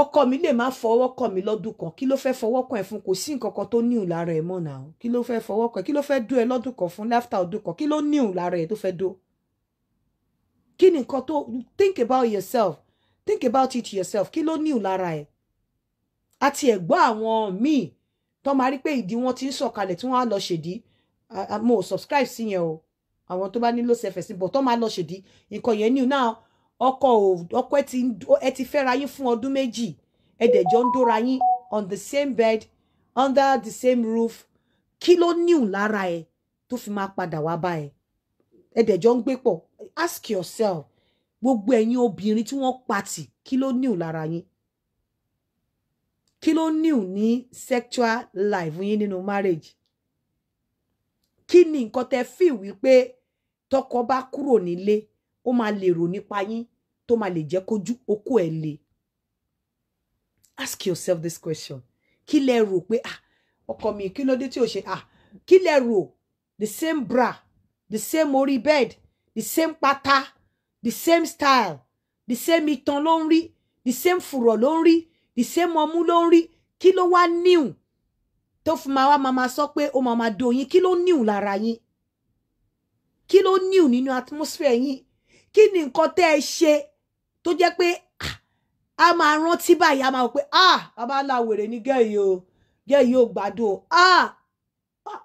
ọkọ mi lè má fọwọ́ kàn mí lọ́dún kan kí ló fẹ́ fọwọ́ kàn ẹ̀ fún kò sí nǹkan kan tó níhùn lára ẹ̀ mọ́ náà kí ló fẹ́ fọwọ́ kàn kí ló fẹ́ dún ẹ lọ́dún kan fún láftà ọdún kan kí ló níhùn lára ẹ̀ tó fẹ́ dó kí ni nǹkan tó think about yourself think about it yourself kí ló níhùn lára ẹ̀ àti ẹ̀gbọ́n àwọn míì tó máa rí pé ìdí wọn ti ń sọ̀kalẹ̀ tí wọ́n á lọ ṣèdí mo subscribe sí yẹn o àwọn tó bá nílò sẹfẹsì bọ̀ tó máa lọ ṣèdí nǹkan yẹn níwò náà ọkọ ọkọ ẹ ti fẹ́ra yín fún ọdún méjì ẹ dẹ̀ jọ ń dóra yín on the same bed under the same roof kí ló níwò lára ẹ tó fi máa padà wá bá ẹ ẹ dẹ̀ jọ ń gbé pọ̀ ask yourself gbogbo ẹ̀yin obìnrin tí wọ́n pati kí ló níwò lára yín kí ló níwò ní sexual life yín nínú marriage kí ni nǹkan tẹ́ feel wípé tọkọ bá kúrò nílé ó máa lè rò nípa yín tó máa lè jẹ́ kójú okó ẹ̀ le ask yourself this question kí lẹ rò pé ah ọkọ mi kí ló dé tí o ṣe ah kí lẹ rò the same bra the same ori bed the same pátá the same style the same itan ló ń rí the same fùrọ̀ ló ń rí the same ọmú ló ń rí kí ló wá níwù tó fi máa wá máa sọ pé ó máa máa do kí ló níwù lára yín kí ló new nínú atmosphere yín kí ni nǹkan tẹ́ ẹ ṣe tó jẹ́ pé ah, a máa rántí báyìí a máa wò pé ah bàbá ńlá wèrè ni gẹ́ẹ̀yì o gẹ́ẹ̀yì ò gbádùn o ah, ah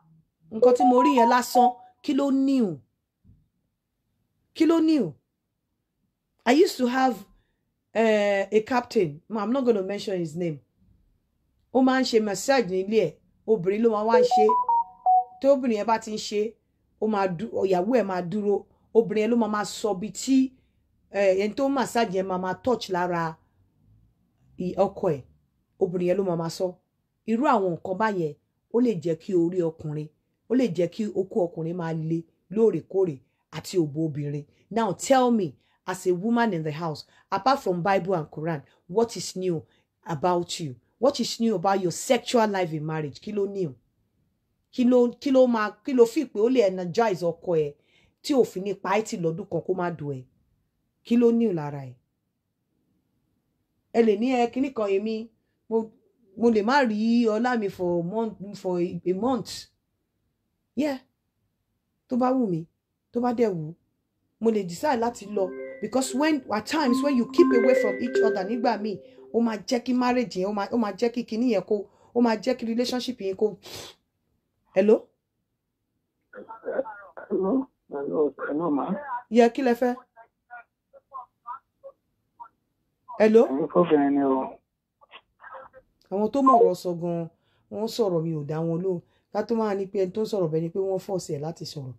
nǹkan tí mo rí yẹn lásán kí ló new kí ló new I used to have uh, a captain I'm not gonna mention his name ó máa ń ṣe massage nílé ẹ̀ obìnrin ló máa wá ń ṣe tó yẹn bá ti ń ṣe ó máa ìyàwó ẹ̀ máa dúró obìnrin ẹ̀ ló máa sọ bí tí ẹni tó ń màsáàjì ẹ̀ máa touch lára ọkọ ẹ̀ obìnrin ẹ̀ ló máa sọ irú àwọn nǹkan báyẹn ó lè jẹ́ kí orí ọkùnrin ó lè jẹ́ kí okó ọkùnrin máa le lóòrèkóòrè àti òbò obìnrin now tell me as a woman in the house apart from Bible and Quran what is new about you what is new about your sexual life in marriage kí ló ní o kí ló kí ló máa kí ló fi pé ó lè energize ọkọ ẹ tí òfin nípa it lọ́dún kan kó má dùn ẹ kí ló ní lára ẹ ẹ lè ní ẹ kíní kan èmi mo mo lè má rí ọlá mi for month for a month yeah tó bá wù mí tó bá dẹ̀ wù mo lè decide láti lọ because when at times when you keep away from each other nígbà míì ó máa jẹ́ kí marriage yẹn ó máa jẹ́ kí kíní yẹn kó ó máa jẹ́ kí relationship yẹn kó hello. yẹ kí lẹ fẹ́. hello. àwọn tó mọ̀ ọ̀rọ̀ sọ gan-an wọ́n sọ̀rọ̀ mi ò dá wọn lóhùn ká tó máa ní pé ẹni tó ń sọ̀rọ̀ bẹ́ẹ̀ ni pé wọ́n fọ̀ọ̀sì ẹ̀ láti sọ̀rọ̀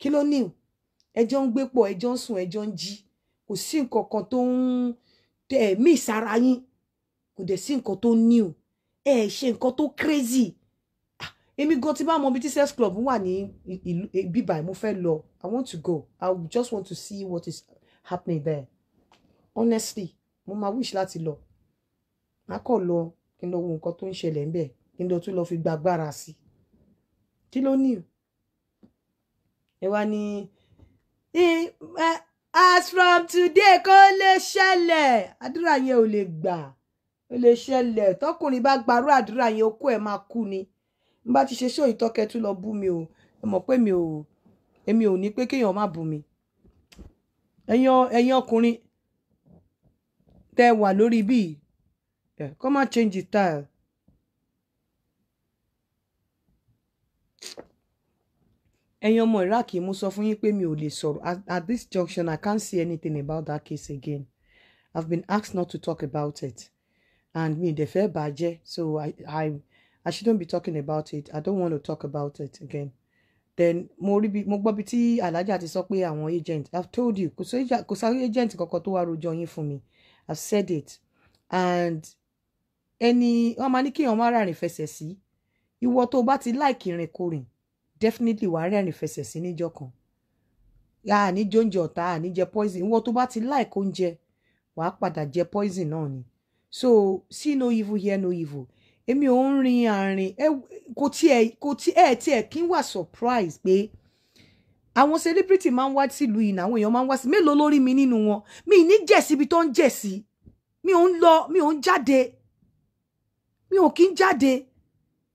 kí ló ní ẹjọ́ ń gbé pọ̀ ẹjọ́ ń sùn ẹjọ́ ń jí kò sí nǹkan kan tó ń tẹ̀ mí ìsara yín kò dẹ̀ sí nǹkan tó ní ẹ ṣe nǹkan tó crazy Emi gan tí bá mọ bí tcs club wà ní ìlú eh, bíbá mo fẹ́ lọ i want to go i just want to see what is happening there honestly mo máa wish lati lọ má kọ̀ lọ kí n lọ wo nǹkan tó ń ṣẹlẹ̀ ńbẹ̀ kí n lọ fi gba agbára sí kí ló ní ẹ wá as from today kó lè ṣẹlẹ̀ àdúrà yẹn ò lè gbà ó lè ṣẹlẹ̀ tọkùnrin bá gbarú àdúrà yẹn okó ẹ̀ máa kú ni n bá ti ṣe ṣó ìtọ́kẹ́ tún lọ bú mi o ẹ mọ̀ pé mi ò èmi ò ní pé kéèyàn má bú mi ẹ̀yin ọkùnrin tẹ wà lórí bíi kọ́ change the style. ẹ̀yin ọmọ Iraq mo sọ fún yín pé mi ò lè sọ̀rọ̀ at this junction I can't see anything about that case again I've been asked not to talk about it and mi ì dẹ̀ fẹ́ bàjẹ́ so I, I I shouldn't be talking about it I don't want to talk about it again then mo rí bí mo gbọ́ bí tí agent I've told you kò sáré agent kankan tó wá for me. I've said it and any wọn máa ní kéèyàn you rárìn fẹsẹ̀ sí ìwọ tó bá ti láìkì rìn kò rìn definitely wàá rẹ́rìn ni sí níjọ́ kan àní jẹ oúnjẹ ọ̀tá àní jẹ poison ìwọ tó bá ti láìkì oúnjẹ wàá padà jẹ poison náà so see no evil hear no evil èmi ò ń rin àrìn kò tiẹ̀ kò tiẹ̀ tiẹ̀ kí n wà surprise pé àwọn celebrity máa ń wá sílùú yìí àwọn èèyàn máa ń wá sí mélòó lórí mi nínú wọn mi ní jẹ̀sí ibi tó ń jẹ̀sí mi ò ń lọ mi ò ń jáde mi ò kí ń jáde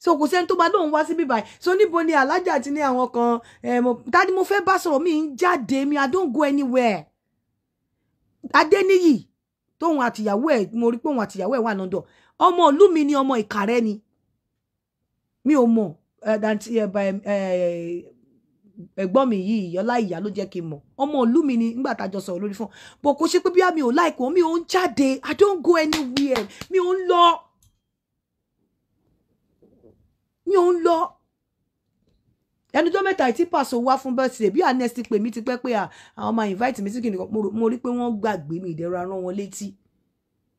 so kò sẹ́ni tó bá lóun wá síbí báyìí so níbo ni alájà ti ní àwọn kan eh, ta ni mo fẹ́ bá sọ̀rọ̀ mi ń jáde mi i don't go anywhere adéníyì tóun àtìyàwó ẹ̀ mo rí pé òun àtìyàwó ẹ̀ wà London ọmọ ìlú mi ni ọmọ Ìkàrẹ́ ni mi ò mọ̀ ẹ̀gbọ́n mi yìí ìyọlá ìyá ló jẹ́ kí n mọ̀ ọmọ ìlú mi ni nígbà tá a jọ sọ̀rọ̀ lórí fún bó kó ṣe pé bí mi ò like wọn mi ò ń jáde i don't go anywhere mi ò ń lọ mi ò ń lọ ẹnujọ́ mẹ́ta tí pàṣẹ wá fún birthday bí anesti pè mí ti pẹ́ pé àwọn máa invite mi sí kìnìkan mo rí pé wọ́n gbàgbé mi ìdẹ̀rọ arán wọn létí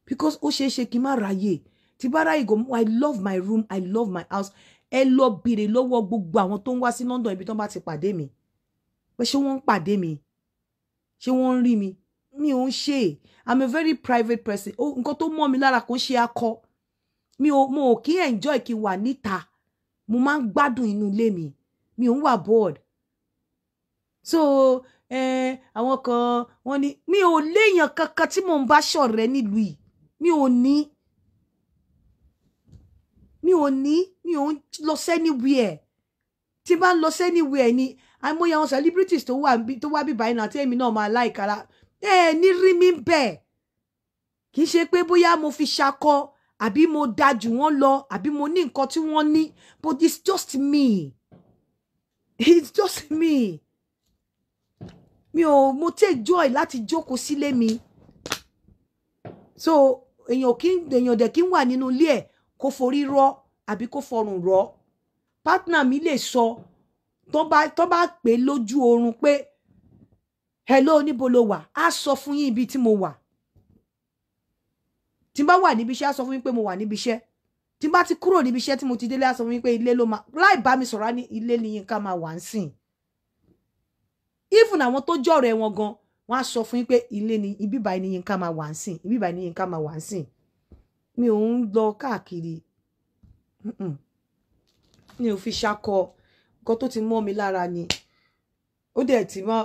because ó ṣeé ṣe kí n má ráyè tí bá ráyè go I love my room I love my house ẹ lọ bèrè lọ́wọ́ gbogbo àwọn tó ń wá sí London ibi tó bá ti pàdé mi pé ṣé wọ́n ń pàdé mi ṣé wọ́n ń rí mi mi ò ń ṣe i'm a very private person o nǹkan tó mọ́ mi lára kò ń ṣe akọ mi ò mo ò kí enjoy kí n wà níta mo máa ń gbádùn inú ilé mi mi ò ń wà bored so eh, àwọn kan wọ́n ní mi ò léèyàn kankan tí mò ń bá ṣọ̀rẹ́ nílùú yìí mi ò ní mi ò ní mi ò ń lọ sẹ́niwíẹ̀ tí bá ń lọ sẹ́niwíẹ̀ ni àìmọye àwọn celebrities tó wà tó wá bíbá iná tí èmi náà máa láìkara ẹ ẹ ní rí mi bẹ́ẹ̀ kì í ṣe pé bóyá mo fi ṣakọ àbí mo da jù wọ́n lọ àbí mo ní nǹkan tí wọ́n ní but it's just me it's just me mi ò mo take joy láti jókòó sílé mi so èèyàn kí èèyàn dẹ̀ kí ń wà nínú ilé ẹ̀ kó forí rọ́ àbí kó fọrùn rọ́ partner mi lè sọ tó bá tó bá lójú oorun pé hello níbo lo wà á sọ fún yín ibi tí mo wà tí n bá wà níbi iṣẹ́ á sọ fún yín pé mo wà níbi iṣẹ́ tí n bá ti kúrò níbi iṣẹ́ tí mo ti délé á sọ fún yín pé ilé ló máa láì bá mi sọ̀rọ̀ ní ilé ni yín ká máa wà ń sìn even àwọn tó jọ̀rọ̀ ẹ̀ wọn gan-an wọ́n á sọ fún yín pé ilé ni ibi báyìí ni Yínká máa wà ń sìn ibi báyìí ni Yínká máa wà ń sìn mi ò ń lọ káàkiri mi ò fi ṣakọ nǹkan tó ti mọ́ mi lára ni ó dẹ̀ ti mọ́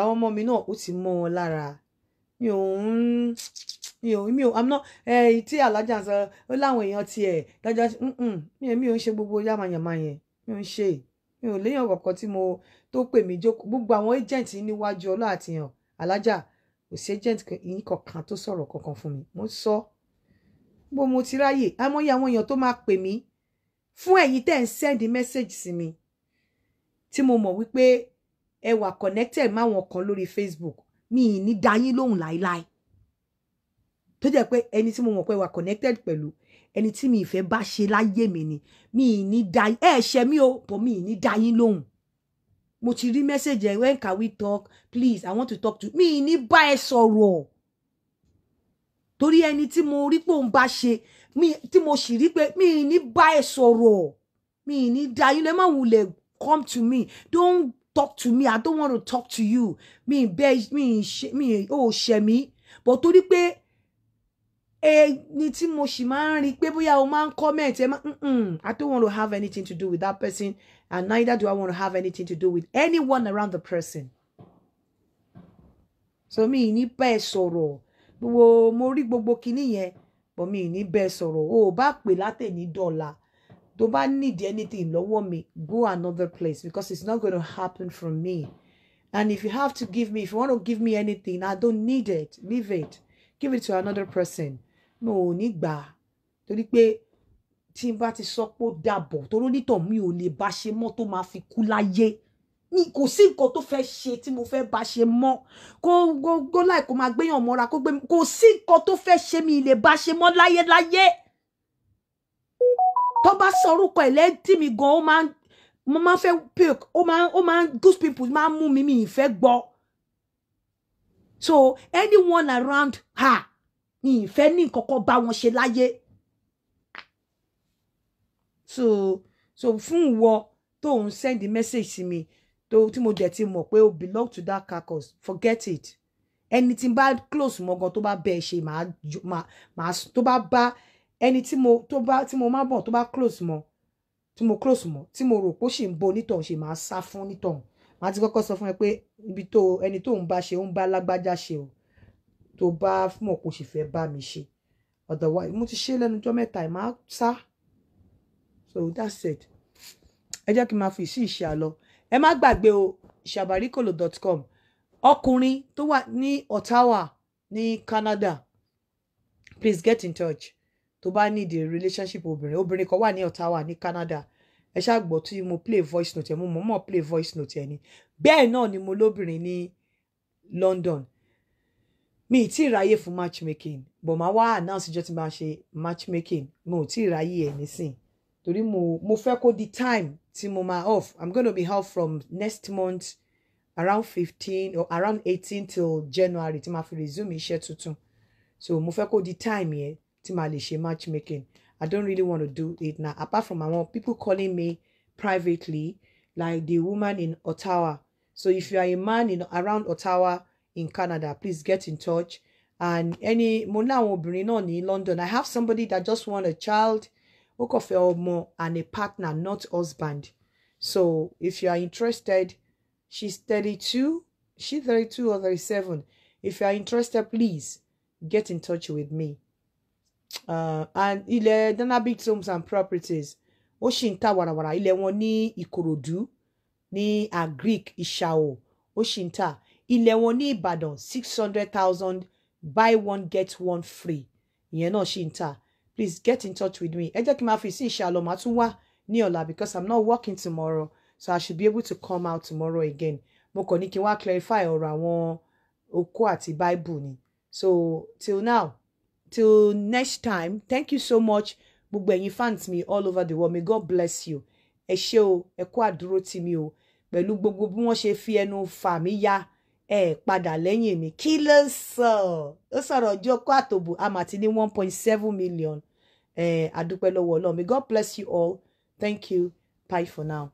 àwọn ọmọ mi náà ó ti mọ́ wọn lára mi ò ń mi ò mi ò i'm not èyí tí alájà sọ ó láwọn èèyàn tiẹ̀ dájọ́ mi ò mi ò ń ṣe gbogbo yàmàyàmà yẹn mi ò ń ṣe mi ò léyàn kọ̀ọ̀kan tí mo tó pè mí jókòó gbogbo àwọn agent níwájú ọlọ́ àtìyàn alájà kò sí agent yìí kankan tó sọ̀rọ̀ kankan fún mi mo sọ bó mo ti ráyè àmọ́yé àwọn èèyàn tó máa pè mí fún ẹ̀yin tẹ́ ń send message sí mi tí mo mọ̀ wípé ẹ wà connected máwọn kan lórí Facebook mi ì ní dayín lóhùn láéláé tó jẹ́ pé ẹni tí mo mọ̀ pé wà connected pẹ̀lú ẹni tí mi ìfẹ́ bá ṣe láyé mi ni mi ì ní dayín ẹ ṣe mí o bọ̀ mi ì ní dayín lóhùn mo ti rí message ẹ when can we talk please i want to talk to mi ní bá ẹ sọ̀rọ̀ torí ẹni tí mo rí pé òun bá ṣe mi tí mo sì rí pé mi ní bá ẹ sọ̀rọ̀ mi ní da yín lẹ má wulẹ̀ come to me don't talk to me i don't want to talk to you mi bẹ mi ṣe mi ò ṣe mí but torí pé ẹni tí mo sì máa ń rí pé bóyá o máa ń comment ẹ máa i don't want to have anything to do with that person and neither do I want to have anything to do with anyone around the person. So me ní bẹ́ẹ̀ sọ̀rọ̀ gbogbo mo rí gbogbo kinní yẹn but me ní bẹ́ẹ̀ sọ̀rọ̀ o bá pè látẹ̀ ní dollar. tó bá need anything lọ́wọ́ me go another place because it's not going to happen from me and if you have to give me if you want to give me anything I don't need it leave it give it to another person mo ò ní gbà torí pé tí n bá ti sọ pé ó dàbọ̀ torí onítọ̀ mi ò lè bá ṣe mọ́ tó máa fi kú láyé Ni kò sí nǹkan tó fẹ́ ṣe tí mo fẹ́ bá ṣe mọ́ kó gbogbo láì kó máa gbéyàn mọ́ra kó gbé kò sí nǹkan tó fẹ́ ṣe mi lè bá ṣe mọ́ láyéláyé tó bá sọ orúkọ ẹ̀ lẹ́tí mi gan ó máa mo máa fẹ́ pick ó máa ó máa those people máa mú mi mi ìfẹ́ gbọ́ so anyone around her ìfẹ́ ní nǹkan kan bá wọn ṣe láyé so so fún ìwọ tó ń send message to me. tó tí mo dẹ̀ ti mọ̀ pé o belong to that carcass forget it ẹni tí n bá close mọ́ gan tó bá bẹ́ẹ̀ ṣe màá tó bá bá ẹni tí mo tó bá tí mo má bọ̀ tó bá close mọ́ tí mo close mọ́ tí mo rò pé ó ṣì ń bo onítọ̀hún ṣe máa sá fún onítọ̀hún màá ti kọ́kọ́ sọ fún ẹ pé ibi tó ẹni tó ń bá ṣe ó ń bá lágbájá ṣe o tó bá mọ̀ kó sì fẹ́ bá mi ṣe otherwise mo ti ṣe lẹ́nu ọjọ́ mẹ́ta ẹ̀ máa sá so that's it ẹ jẹ́ kí n máa fi sí ìṣà lọ ẹ má gbàgbé o shabarikolo.com ọkùnrin tó wà ní Ottawa ní Canada please get in touch tó bá need a relationship obìnrin obìnrin kan wà ní Ottawa ní Canada ẹ ṣáà gbọ́ tí mo play voice note ẹ̀ mo mọ̀ mọ̀ play voice note ẹ̀ ni bẹ́ẹ̀ náà ni mo lóbìnrin ní London mi ì tí ì ráyè fún matchmaking bọ̀ máa wá announce ìjọ tí máa ṣe matchmaking mo ò tí ì ráyè ẹ̀ nísìn torí mo mo fẹ́ kó di time tí mo máa off i'm gonna be off from next month around fifteen or around eighteen till january tí ma fi resume iṣẹ́ tuntun so mo fẹ́ kó di time yẹn tí ma lè ṣe matchmaking i don't really want to do it now apart from àwọn people calling me privately like the woman in ottawa so if you are a man in around ottawa in canada please get in touch and any mo ní àwọn obìnrin náà ní london i have somebody that just want a child ó kàn fẹ́ ọmọ and a partner not husband so if you are interested she's thirty-two she's thirty-two or thirty-seven if you are interested please get in touch with me uh, and ilẹ̀ big homes and properties ó ṣì ń ta wàràwàrà ilẹ̀ wọn ní Ìkòròdú ní Agric Ìṣàó ó ṣì ń ta ilẹ̀ wọn ní Ìbàdàn six hundred thousand buy one get one free ìyẹn no ṣì ta please get in touch with me ẹ jẹ́ kí n máa fi sí ìṣàlọ̀ màá tún wá ní ọ̀la because i'm not working tomorrow so i should be able to come out tomorrow again mo kàn ní kí n wá clarify ọ̀rọ̀ àwọn okó àti bible ni so till now till next time thank you so much gbogbo ẹ̀yin fans mi all over the world may god bless you ẹ ṣé o ẹ kú àdúró tì mí o pẹ̀lú gbogbo bí wọ́n ṣe fi ẹnu fà mí ya ẹ padà lẹ́yìn mi kí ló sọ ó sọ̀rọ̀ ọjọ́ kó àtòbù àmàtí ní one point seven million eh, adúpẹ́ lọ́wọ́ ọlọ́run may God bless you all thank you bye for now.